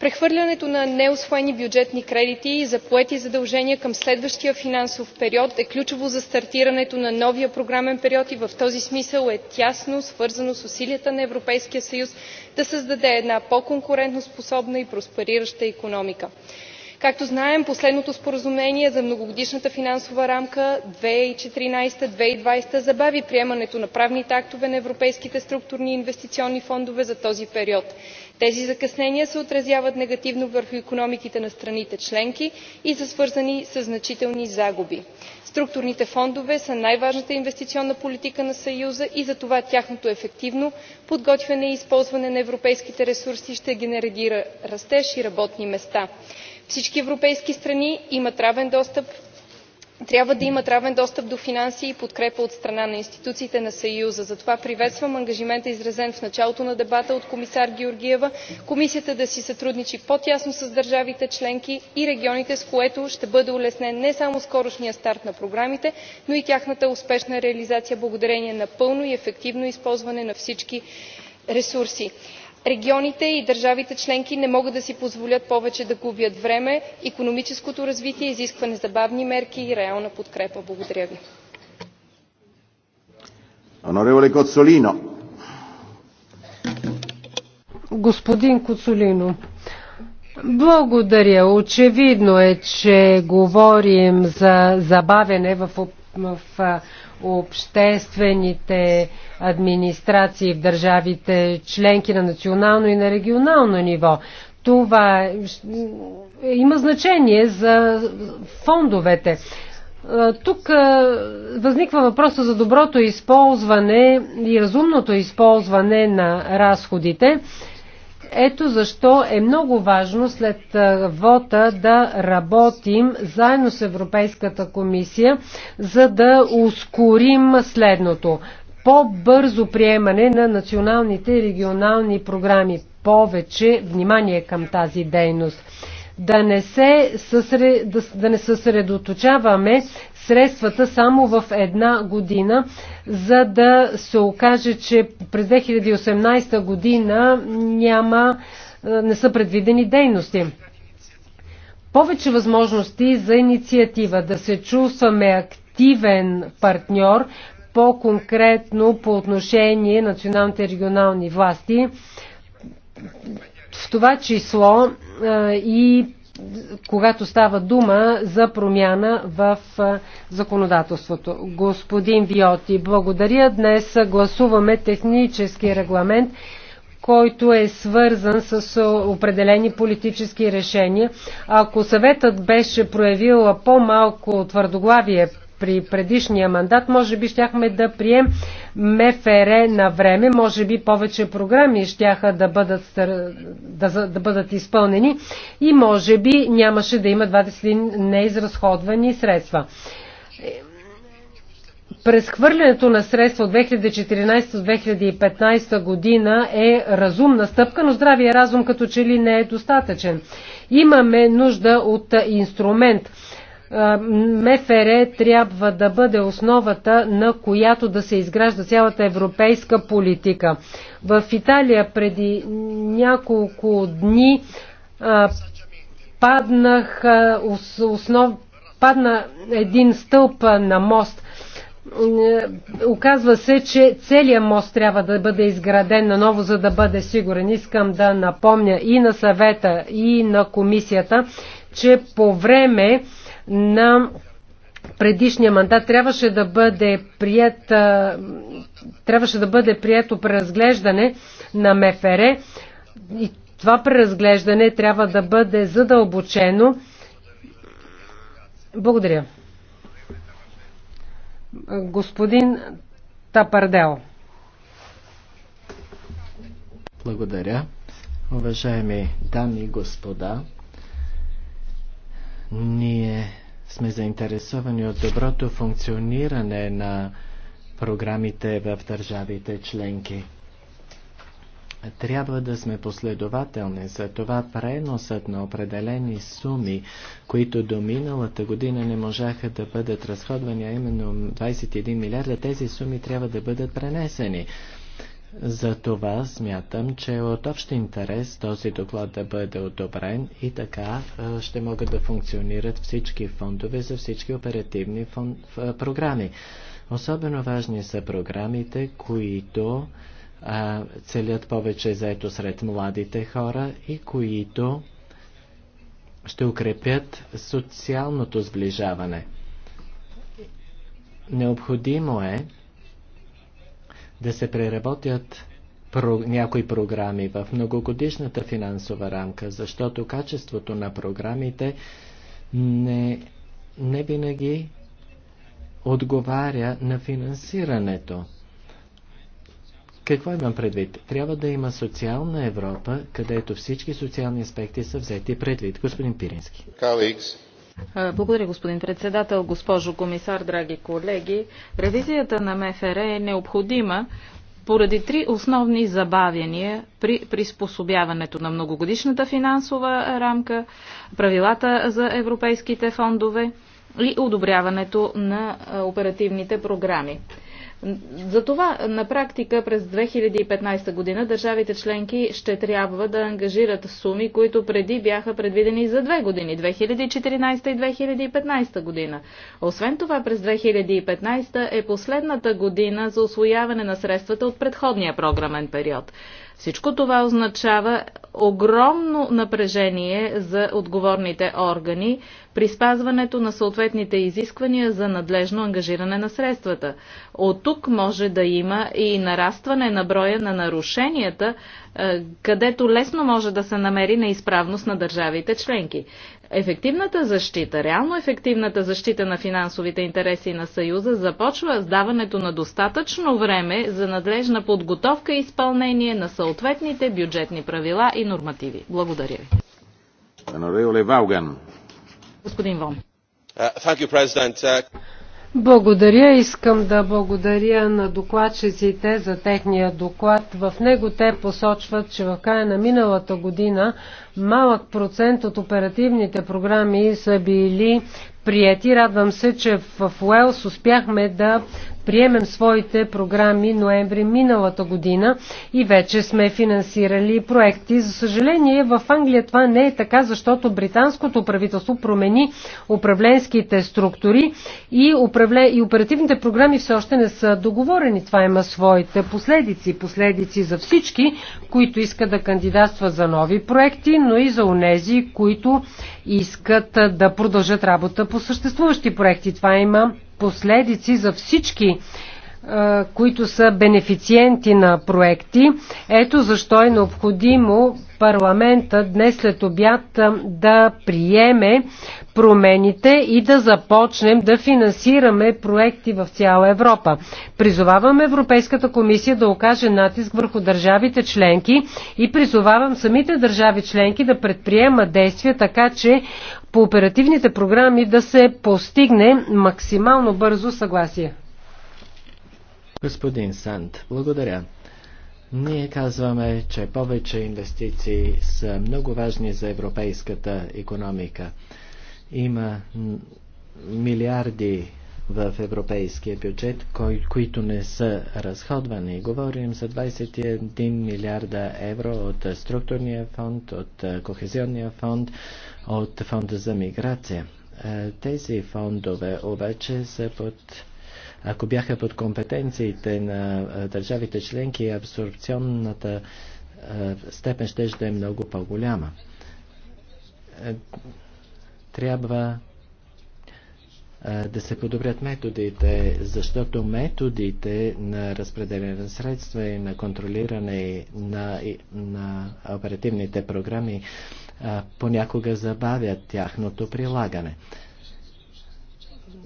прехвърлянето на неусвоени бюджетни кредити и за поети задължения към следващия финансов период е ключово за стартирането на новия програмен период и в този смисъл е тясно свързано с усилията на европейския съюз да създаде една по конкурентоспособна и просперираща икономика. както знаем последното споразумение за многогодишната финансова рамка 2014-2020 забави приемането на правните актове на европейските структурни и инвестиционни фондове за този период тези закъснения се отразяват негативно върху икономиките на страните членки и са свързани със значителни загуби. структурните фондове са най важната инвестиционна политика на съюза и затова тяхното ефективно подготвяне и използване на европейските ресурси ще генерира растеж и работни места. всички европейски страни имат равен достъп трябва да имат равен достъп до финанси и подкрепа от страна на институциите на съюза. затова приветствам ангажимента изразен в началото на дебата от комисар георгиева комисията да си сътрудничи по тясно с държавите членки и регионите с което ще бъде улеснен не само скорошният старт на програмите но и тяхната успешна реализация благодарение на пълно и ефективно използване на всички ресурси регионите и държавите членки не могат да си позволят повече да губят време икономическото развитие изисква незабавни мерки и реална подкрепа. благодаря ви. Господин Коцолино, благодаря. Очевидно е, че говорим за забавене в, в обществените администрации в държавите членки на национално и на регионално ниво. Това има значение за фондовете. Тук възниква въпроса за доброто използване и разумното използване на разходите ето защо е много важно след вота да работим заедно с Европейската комисия, за да ускорим следното. По-бързо приемане на националните и регионални програми. Повече внимание към тази дейност да не, се съсред... да, да не съсредоточаваме средствата само в една година, за да се окаже, че през 2018 година няма, е, не са предвидени дейности. Повече възможности за инициатива, да се чувстваме активен партньор, по-конкретно по отношение националните и регионални власти, в това число е, и когато става дума за промяна в законодателството. Господин Виоти, благодаря. Днес гласуваме технически регламент, който е свързан с определени политически решения. Ако съветът беше проявил по-малко твърдоглавие при предишния мандат, може би щяхме да прием МФР на време, може би повече програми щяха да бъдат, да, да бъдат изпълнени и може би нямаше да има 20 неизразходвани средства. Презхвърлянето на средства от 2014-2015 година е разумна стъпка, но здравия разум като че ли не е достатъчен. Имаме нужда от инструмент – е, МФР трябва да бъде основата, на която да се изгражда цялата европейска политика. В Италия преди няколко дни е, паднах основ... падна един стълб на мост. Е, оказва се, че целият мост трябва да бъде изграден наново, за да бъде сигурен. Искам да напомня и на съвета, и на комисията, че по време на предишния мандат трябваше да бъде прият, трябваше да бъде прието преразглеждане на МФР и това преразглеждане трябва да бъде задълбочено. Благодаря. Господин Тапардел. Благодаря. Уважаеми дами и господа, ние сме заинтересовани от доброто функциониране на програмите в държавите членки. Трябва да сме последователни, за това преносът на определени суми, които до миналата година не можаха да бъдат разходвани, а именно 21 милиарда, тези суми трябва да бъдат пренесени. За това смятам, че е от общ интерес този доклад да бъде одобрен и така ще могат да функционират всички фондове за всички оперативни фон... програми. Особено важни са програмите, които а, целят повече заето сред младите хора и които ще укрепят социалното сближаване. Необходимо е да се преработят про, някои програми в многогодишната финансова рамка, защото качеството на програмите не, не винаги отговаря на финансирането. Какво имам предвид? Трябва да има социална Европа, където всички социални аспекти са взети предвид. Господин Пирински. Е, благодаря, господин председател, госпожо комисар, драги колеги. Ревизията на МФР е необходима поради три основни забавяния при приспособяването на многогодишната финансова рамка, правилата за европейските фондове и одобряването на е, оперативните програми. Затова на практика през 2015 година държавите членки ще трябва да ангажират суми, които преди бяха предвидени за две години 2014 и 2015 година. Освен това, през 2015 е последната година за освояване на средствата от предходния програмен период. Всичко това означава огромно напрежение за отговорните органи при спазването на съответните изисквания за надлежно ангажиране на средствата. От тук може да има и нарастване на броя на нарушенията, е, където лесно може да се намери неизправност на държавите членки. Ефективната защита, реално ефективната защита на финансовите интереси на Съюза започва с даването на достатъчно време за надлежна подготовка и изпълнение на съответните бюджетни правила и нормативи. Благодаря ви. Господин Вон. Uh, благодаря. Искам да благодаря на докладчиците за техния доклад. В него те посочват, че в края на миналата година малък процент от оперативните програми са били прияти. Радвам се, че в Уелс успяхме да приемем своите програми ноември миналата година и вече сме финансирали проекти. За съжаление, в Англия това не е така, защото британското правителство промени управленските структури и, управле... и оперативните програми все още не са договорени. Това има своите последици. Последици за всички, които искат да кандидатстват за нови проекти, но и за унези, които искат да продължат работа по съществуващи проекти. Това има последици за всички които са бенефициенти на проекти. Ето защо е необходимо парламента днес след обяд да приеме промените и да започнем да финансираме проекти в цяла Европа. Призовавам Европейската комисия да окаже натиск върху държавите членки и призовавам самите държави членки да предприемат действия така, че по оперативните програми да се постигне максимално бързо съгласие. Господин Санд, благодаря. Ние казваме, че повече инвестиции са много важни за европейската економика. Има милиарди в европейския бюджет, кои, които не са разходвани. Говорим за 21 милиарда евро от структурния фонд, от кохезионния фонд, от фонда за миграция. Е, тези фондове обаче са под ако бяха под компетенциите на държавите членки, абсорбционната степен ще да е много по-голяма. Е, трябва да се подобрят методите, защото методите на разпределение на средства и на контролиране на, на оперативните програми понякога забавят тяхното прилагане.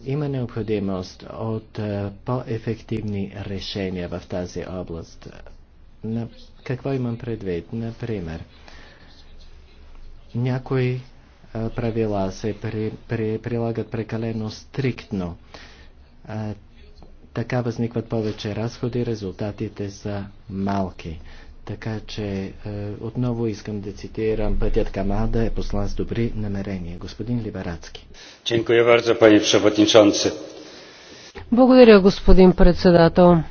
Има необходимост от е, по-ефективни решения в тази област. На какво имам предвид? Например, някои е, правила се при, при, прилагат прекалено стриктно. А, е, така възникват повече разходи, резултатите са малки. Така че е, отново искам да цитирам пътят към Ада е послан с добри намерения. Господин Либарацки. Благодаря, господин председател.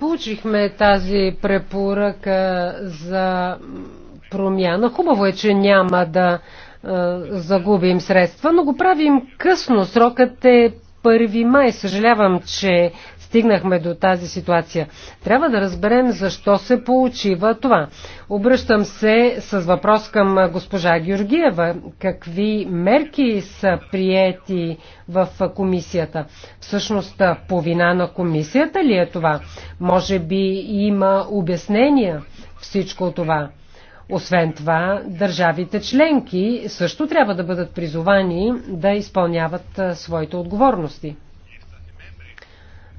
Получихме тази препоръка за промяна. Хубаво е, че няма да е, загубим средства, но го правим късно. Срокът е 1 май. Съжалявам, че стигнахме до тази ситуация. Трябва да разберем защо се получива това. Обръщам се с въпрос към госпожа Георгиева. Какви мерки са приети в комисията? Всъщност, повина на комисията ли е това? Може би има обяснения всичко това. Освен това, държавите членки също трябва да бъдат призовани да изпълняват своите отговорности.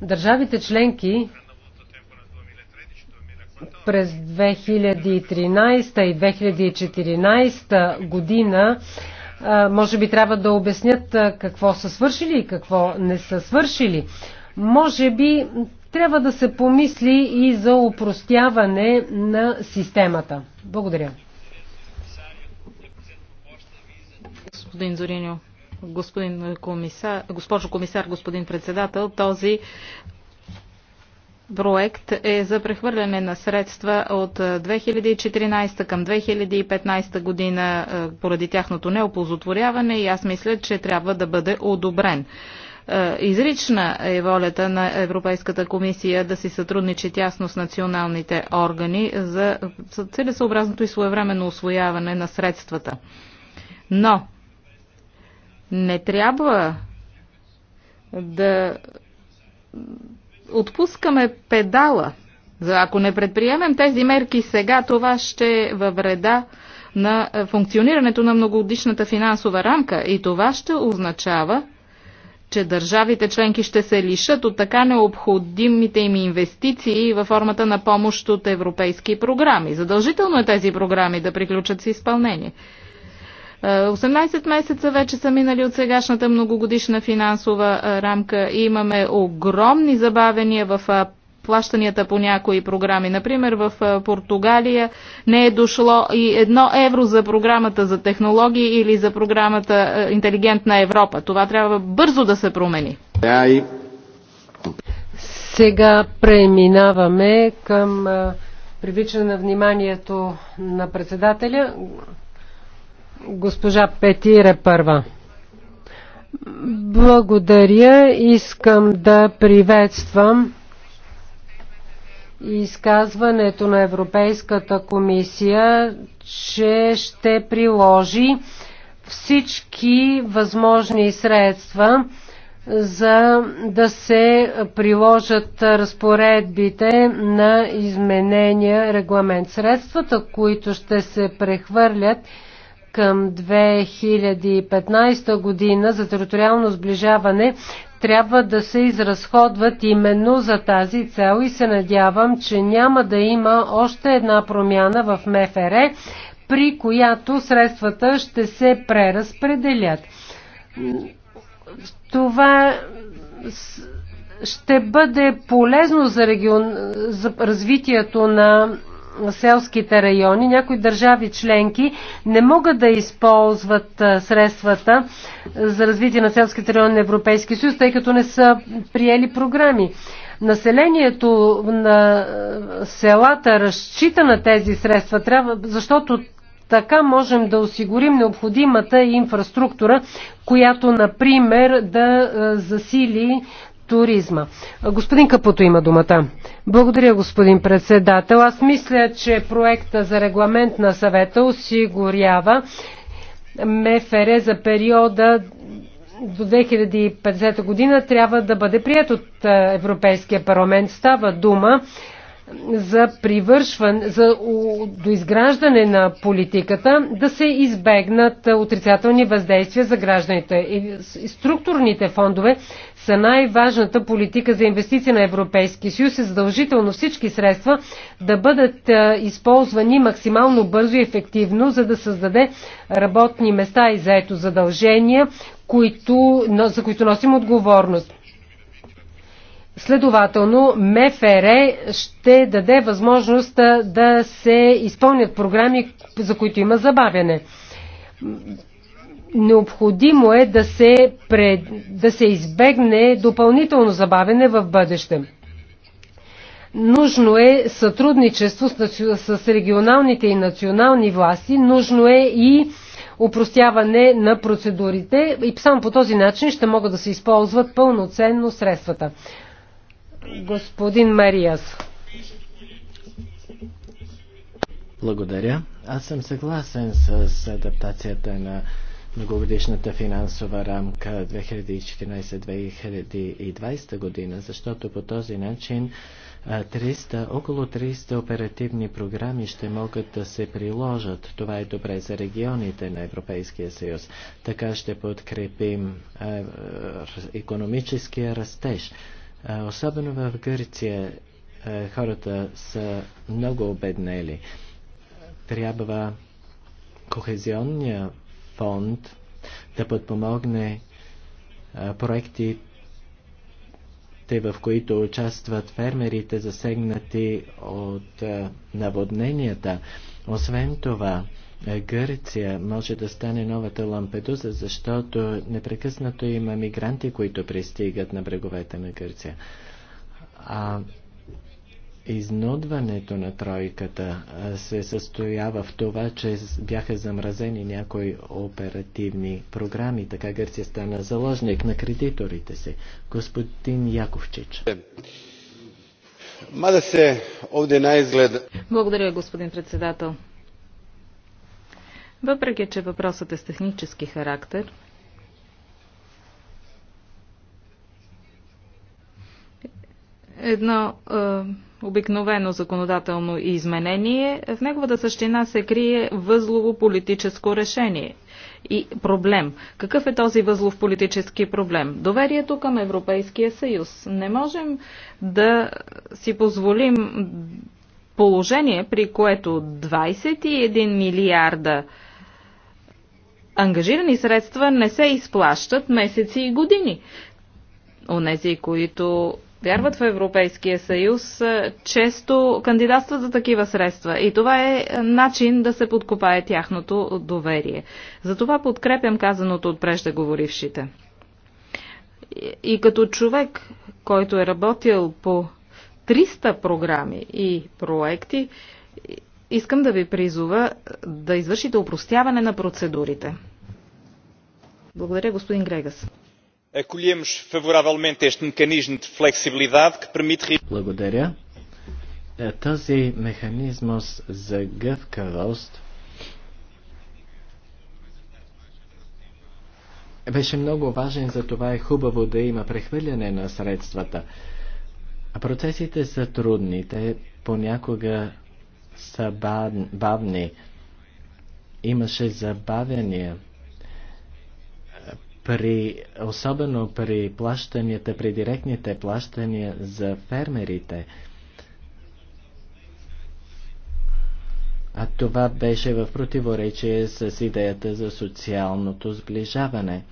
Държавите членки през 2013 и 2014 година може би трябва да обяснят какво са свършили и какво не са свършили. Може би трябва да се помисли и за упростяване на системата. Благодаря. Господин Зориньо, господин комисар, госпожо комисар, господин председател, този проект е за прехвърляне на средства от 2014 към 2015 година е, поради тяхното неоползотворяване и аз мисля, че трябва да бъде одобрен. Е, изрична е волята на Европейската комисия да си сътрудничи тясно с националните органи за целесообразното и своевременно освояване на средствата. Но не трябва да отпускаме педала. За ако не предприемем тези мерки сега, това ще е във вреда на функционирането на многогодишната финансова рамка и това ще означава, че държавите членки ще се лишат от така необходимите им инвестиции във формата на помощ от европейски програми. Задължително е тези програми да приключат с изпълнение. 18 е, месеца вече са минали от сегашната многогодишна финансова е, рамка и имаме огромни забавения в е, плащанията по някои програми. Например, в Португалия не е дошло и едно евро за програмата за технологии или за програмата Интелигентна Европа. Това трябва бързо да се промени. Сега преминаваме към привличане на вниманието на председателя. Госпожа Петир първа. Благодаря. Искам да приветствам изказването на Европейската комисия, че ще приложи всички възможни средства за да се приложат разпоредбите на изменения регламент. Средствата, които ще се прехвърлят към 2015 година за териториално сближаване трябва да се изразходват именно за тази цел и се надявам, че няма да има още една промяна в МФР, при която средствата ще се преразпределят. Това ще бъде полезно за, регион, за развитието на селските райони. Някои държави членки не могат да използват средствата за развитие на селските райони на Европейския съюз, тъй като не са приели програми. Населението на селата разчита на тези средства, трябва, защото така можем да осигурим необходимата инфраструктура, която, например, да засили туризма. Господин Капото има думата. Благодаря, господин председател. Аз мисля, че проекта за регламент на съвета осигурява МФР за периода до 2050 година трябва да бъде прият от е, Европейския парламент. Става дума за привършване, за доизграждане на политиката, да се избегнат отрицателни въздействия за гражданите. И структурните фондове са най-важната политика за инвестиции на Европейския съюз е задължително всички средства да бъдат използвани максимално бързо и ефективно, за да създаде работни места и заето задължения, които, за които носим отговорност. Следователно, МФР ще даде възможност да се изпълнят програми, за които има забавяне Необходимо е да се, пред, да се избегне допълнително забавене в бъдеще. Нужно е сътрудничество с, с регионалните и национални власти, нужно е и упростяване на процедурите и само по този начин ще могат да се използват пълноценно средствата. Господин Мариас. Благодаря. Аз съм съгласен с адаптацията на многогодишната финансова рамка 2014-2020 година, защото по този начин 300, около 300 оперативни програми ще могат да се приложат. Това е добре за регионите на Европейския съюз. Така ще подкрепим економическия растеж. Особено в Гърция хората са много обеднели. Трябва кохезионния фонд да подпомогне а, проекти, в които участват фермерите, засегнати от наводненията. Освен това, Гърция може да стане новата Лампедуза, защото непрекъснато има мигранти, които пристигат на бреговете на Гърция. А Изнудването на тройката се състоява в това, че бяха замразени някои оперативни програми. Така Гърция стана заложник на кредиторите си. Господин Яковчич. Мада се овде наизглед... Благодаря, господин председател. Въпреки, че въпросът е с технически характер, едно е, обикновено законодателно изменение, в неговата същина се крие възлово политическо решение и проблем. Какъв е този възлов политически проблем? Доверието към Европейския съюз. Не можем да си позволим положение, при което 21 милиарда ангажирани средства не се изплащат месеци и години. Онези, които вярват в Европейския съюз, често кандидатстват за такива средства. И това е начин да се подкопае тяхното доверие. Затова подкрепям казаното от преждеговорившите. И, като човек, който е работил по 300 програми и проекти, искам да ви призова да извършите упростяване на процедурите. Благодаря, господин Грегас. Acolhemos favoravelmente este mecanismo de flexibilidade que permite... Благодаря. Е, този механизмус за гъвкавост беше много важен, за това е хубаво да има прехвърляне на средствата. Процесите са трудни, те понякога са бавни. Имаше забавяния при, особено при плащанията, при директните плащания за фермерите. А това беше в противоречие с идеята за социалното сближаване.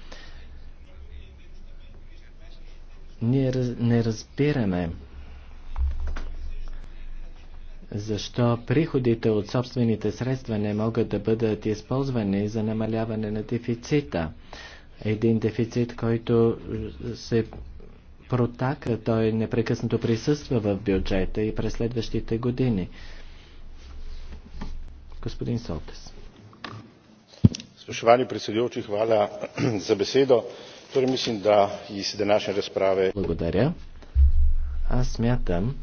Ние не разбираме защо приходите от собствените средства не могат да бъдат използвани за намаляване на дефицита един дефицит, който е, се протака, той непрекъснато присъства в бюджета и през следващите години. Господин Солтес. Spoštovani хваля [CLEARS THROAT] за беседо. Тори мислим да и iz današnje razprave... Благодаря. Аз смятам,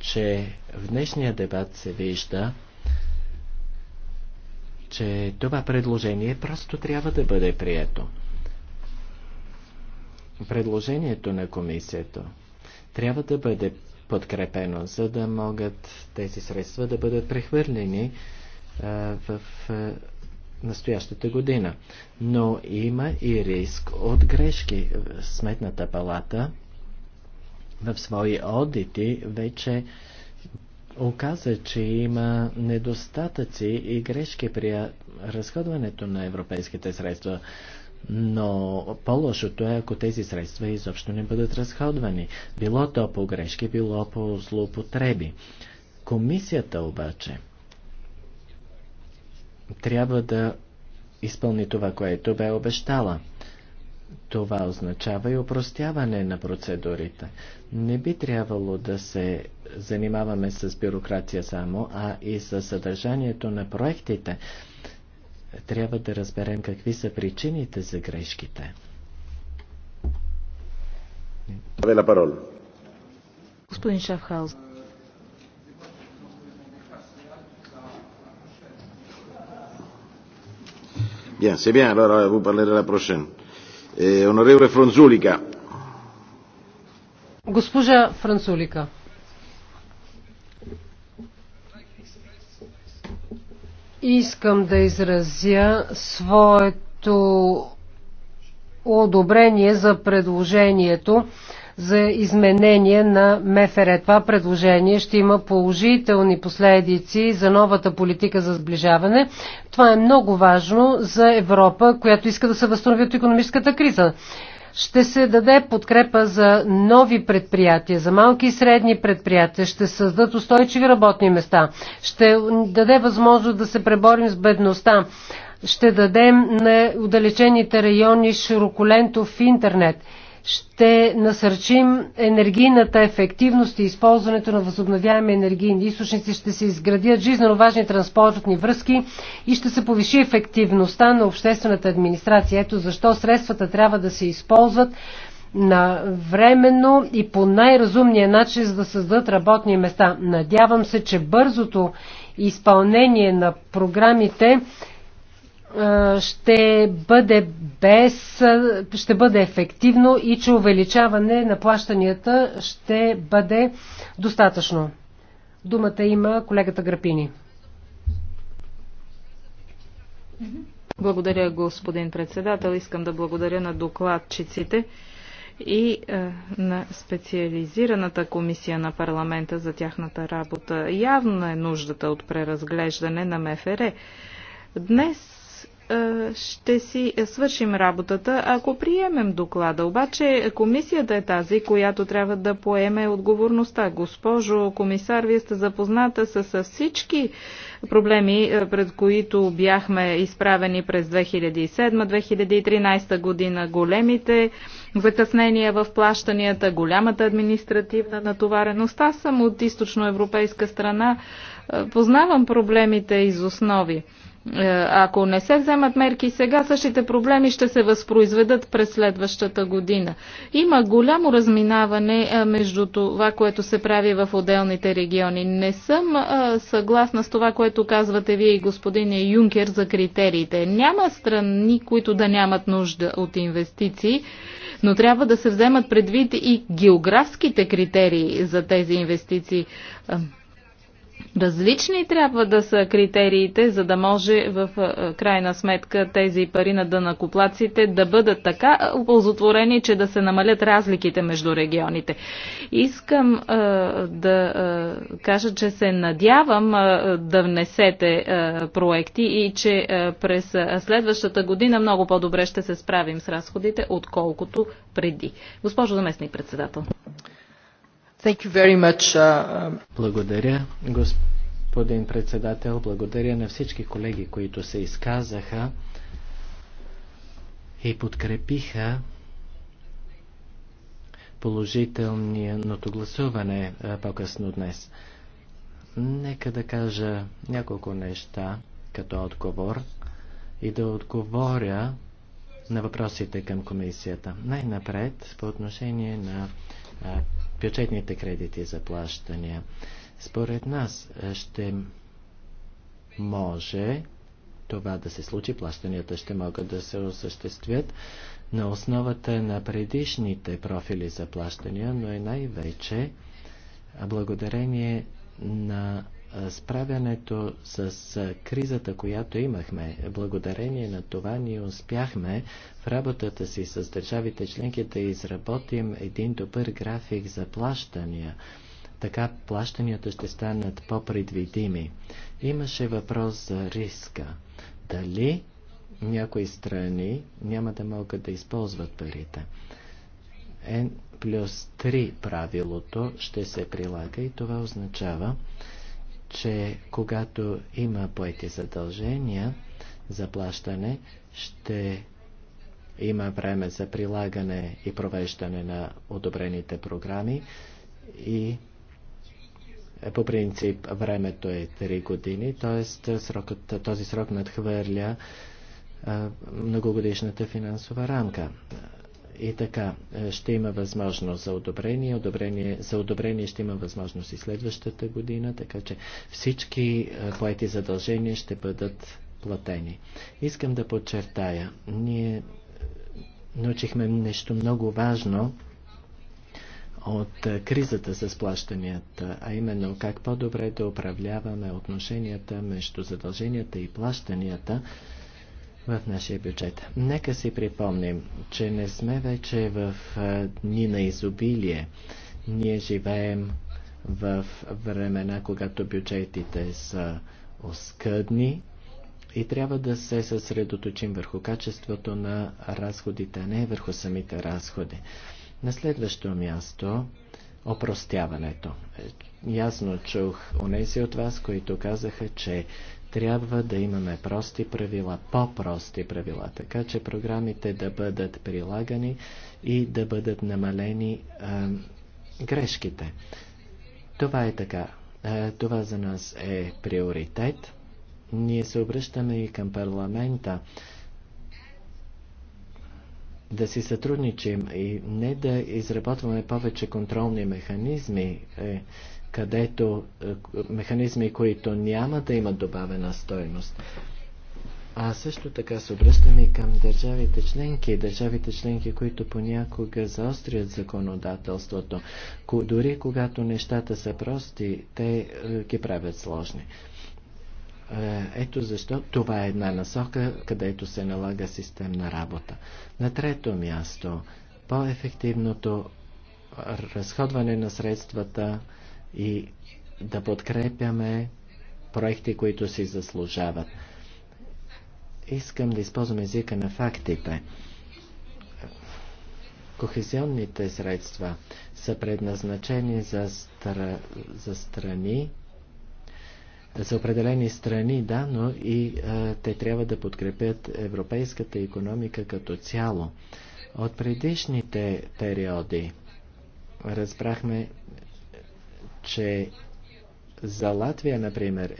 че в днешния дебат се вижда, че това предложение просто трябва да бъде прието предложението на комисията трябва да бъде подкрепено, за да могат тези средства да бъдат прехвърлени в настоящата година. Но има и риск от грешки. Сметната палата в свои одити вече оказа, че има недостатъци и грешки при разходването на европейските средства. Но по-лошото е, ако тези средства изобщо не бъдат разходвани. Било то по грешки, било по злоупотреби. Комисията обаче трябва да изпълни това, което бе обещала. Това означава и упростяване на процедурите. Не би трябвало да се занимаваме с бюрокрация само, а и с съдържанието на проектите трябва да разберем какви са причините за грешките. Господин Шафхаус. Bien, se bien, allora euh, vous parlerez la prochaine. Eh, onorevole Fronzulika. Госпожа Франсулика. Искам да изразя своето одобрение за предложението за изменение на МФР. Това предложение ще има положителни последици за новата политика за сближаване. Това е много важно за Европа, която иска да се възстанови от економическата криза. Ще се даде подкрепа за нови предприятия, за малки и средни предприятия, ще създадат устойчиви работни места, ще даде възможност да се преборим с бедността, ще дадем на удалечените райони широколентов интернет – ще насърчим енергийната ефективност и използването на възобновяеми енергийни източници, ще се изградят жизненно важни транспортни връзки и ще се повиши ефективността на обществената администрация. Ето защо средствата трябва да се използват на временно и по най-разумния начин, за да създадат работни места. Надявам се, че бързото изпълнение на програмите е, ще бъде без, ще бъде ефективно и че увеличаване на плащанията ще бъде достатъчно. Думата има колегата Грапини. Благодаря, господин председател. Искам да благодаря на докладчиците и е, на специализираната комисия на парламента за тяхната работа. Явно е нуждата от преразглеждане на МФР. Днес е, ще си свършим работата, ако приемем доклада. Обаче комисията е тази, която трябва да поеме отговорността. Госпожо комисар, вие сте запозната с всички проблеми, е, пред които бяхме изправени през 2007-2013 година. Големите закъснения в плащанията, голямата административна натовареност. Аз съм от източноевропейска страна. Е, познавам проблемите из основи. Е, ако не се вземат мерки сега, същите проблеми ще се възпроизведат през следващата година. Има голямо разминаване е, между това, което се прави в отделните региони. Не съм е, съгласна с това, което казвате вие и господин Юнкер за критериите. Няма страни, които да нямат нужда от инвестиции, но трябва да се вземат предвид и географските критерии за тези инвестиции. Различни трябва да са критериите, за да може в крайна сметка тези пари на дънакоплаците да бъдат така оползотворени, че да се намалят разликите между регионите. Искам а, да а, кажа, че се надявам а, да внесете а, проекти и че а, през следващата година много по-добре ще се справим с разходите, отколкото преди. Госпожо заместник председател. Thank you very much, uh... Um, Благодаря, господин председател. Благодаря на всички колеги, които се изказаха и подкрепиха положителното гласуване по-късно днес. Нека да кажа няколко неща като отговор и да отговоря на въпросите към комисията. Най-напред по отношение на бюджетните кредити за плащания. Според нас ще може това да се случи, плащанията ще могат да се осъществят на основата на предишните профили за плащания, но и е най-вече благодарение на справянето с кризата, която имахме. Благодарение на това ние успяхме в работата си с държавите членки да изработим един добър график за плащания. Така плащанията ще станат по-предвидими. Имаше въпрос за риска. Дали някои страни няма да могат да използват парите? N плюс 3 правилото ще се прилага и това означава, че когато има поети задължения за плащане, ще има време за прилагане и провеждане на одобрените програми и по принцип времето е 3 години, т.е. този срок надхвърля многогодишната финансова рамка. И така, е, ще има възможност за одобрение, одобрение за одобрение ще има възможност и следващата година, така че всички е, поети задължения ще бъдат платени. Искам да подчертая, ние е, научихме нещо много важно от кризата с плащанията, а именно как по-добре да управляваме отношенията между задълженията и плащанията, в нашия бюджет. Нека си припомним, че не сме вече в дни на изобилие. Ние живеем в времена, когато бюджетите са оскъдни и трябва да се съсредоточим върху качеството на разходите, а не върху самите разходи. На следващо място опростяването. Е, ясно чух у от вас, които казаха, че трябва да имаме прости правила, по-прости правила, така че програмите да бъдат прилагани и да бъдат намалени а, грешките. Това е така. А, това за нас е приоритет. Ние се обръщаме и към парламента да си сътрудничим и не да изработваме повече контролни механизми, е, където е, механизми, които няма да имат добавена стойност. А също така се обръщаме и към държавите членки, държавите членки, които понякога заострят законодателството. Дори когато нещата са прости, те е, ги правят сложни. Е, ето защо това е една насока, където се налага системна работа. На трето място, по-ефективното разходване на средствата и да подкрепяме проекти, които си заслужават. Искам да използвам езика на фактите. Кохезионните средства са предназначени за, стра... за страни, за определени страни, да, но и а, те трябва да подкрепят европейската економика като цяло. От предишните периоди разбрахме, че за Латвия, например,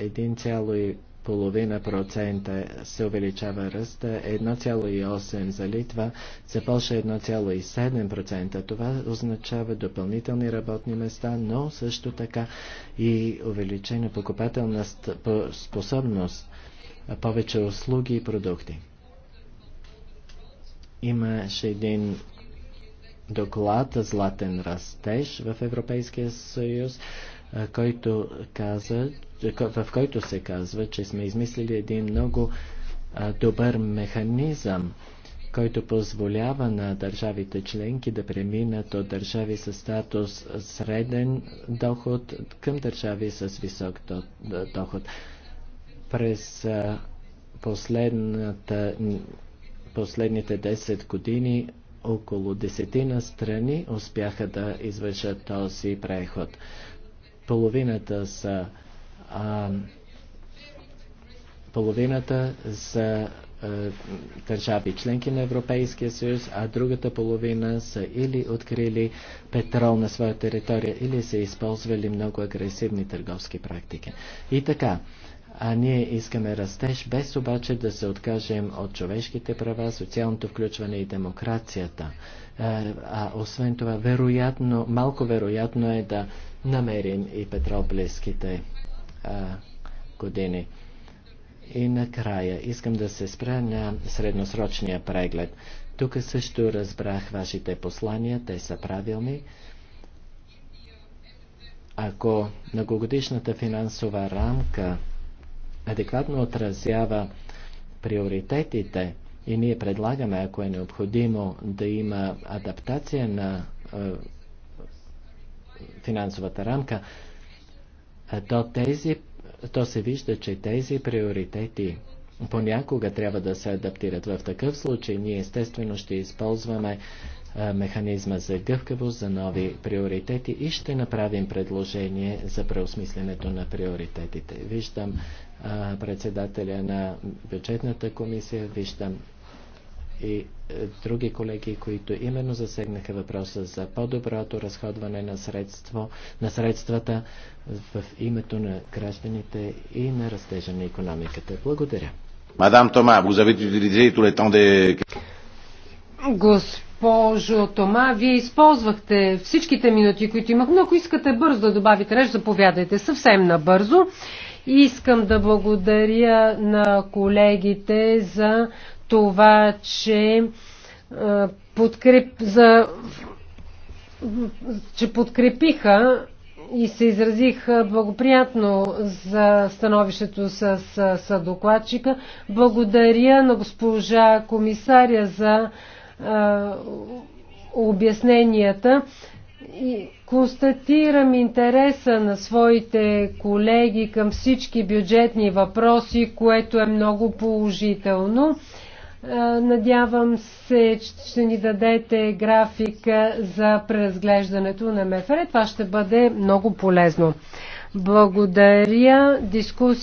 процента се увеличава ръста, 1,8% за Литва, за Польша 1,7%. Това означава допълнителни работни места, но също така и увеличена покупателна способност, повече услуги и продукти. Имаше един доклад Златен растеж в Европейския съюз, който каза, в който се казва, че сме измислили един много добър механизъм, който позволява на държавите членки да преминат от държави с статус среден доход към държави с висок доход. През последната, последните 10 години около десетина страни успяха да извършат този преход. Половината са а, половината за а, държави членки на Европейския съюз, а другата половина са или открили петрол на своя територия, или са използвали много агресивни търговски практики. И така, а ние искаме растеж, без обаче да се откажем от човешките права, социалното включване и демокрацията. А освен това, вероятно, малко вероятно е да намерим и петрол близките а, години. И накрая искам да се спра на средносрочния преглед. Тук също разбрах вашите послания, те са правилни. Ако многогодишната финансова рамка адекватно отразява приоритетите и ние предлагаме, ако е необходимо, да има адаптация на е, финансовата рамка, то, тези, то се вижда, че тези приоритети понякога трябва да се адаптират. В такъв случай ние естествено ще използваме механизма за гъвкавост, за нови приоритети и ще направим предложение за преосмисленето на приоритетите. Виждам председателя на бюджетната комисия, виждам и е, други колеги, които именно засегнаха въпроса за по-доброто разходване на, средство, на средствата в името на гражданите и на растежа на економиката. Благодаря. Мадам Тома, Госпожо Тома, вие използвахте всичките минути, които имах, но ако искате бързо да добавите реч, заповядайте съвсем набързо. Искам да благодаря на колегите за това, че подкреп, за, че подкрепиха и се изразих благоприятно за становището с, с, с докладчика. Благодаря на госпожа комисаря за а, обясненията. И констатирам интереса на своите колеги към всички бюджетни въпроси, което е много положително. Е, надявам се, че ще ни дадете графика за преразглеждането на МФР. Това ще бъде много полезно. Благодаря. Дискусия.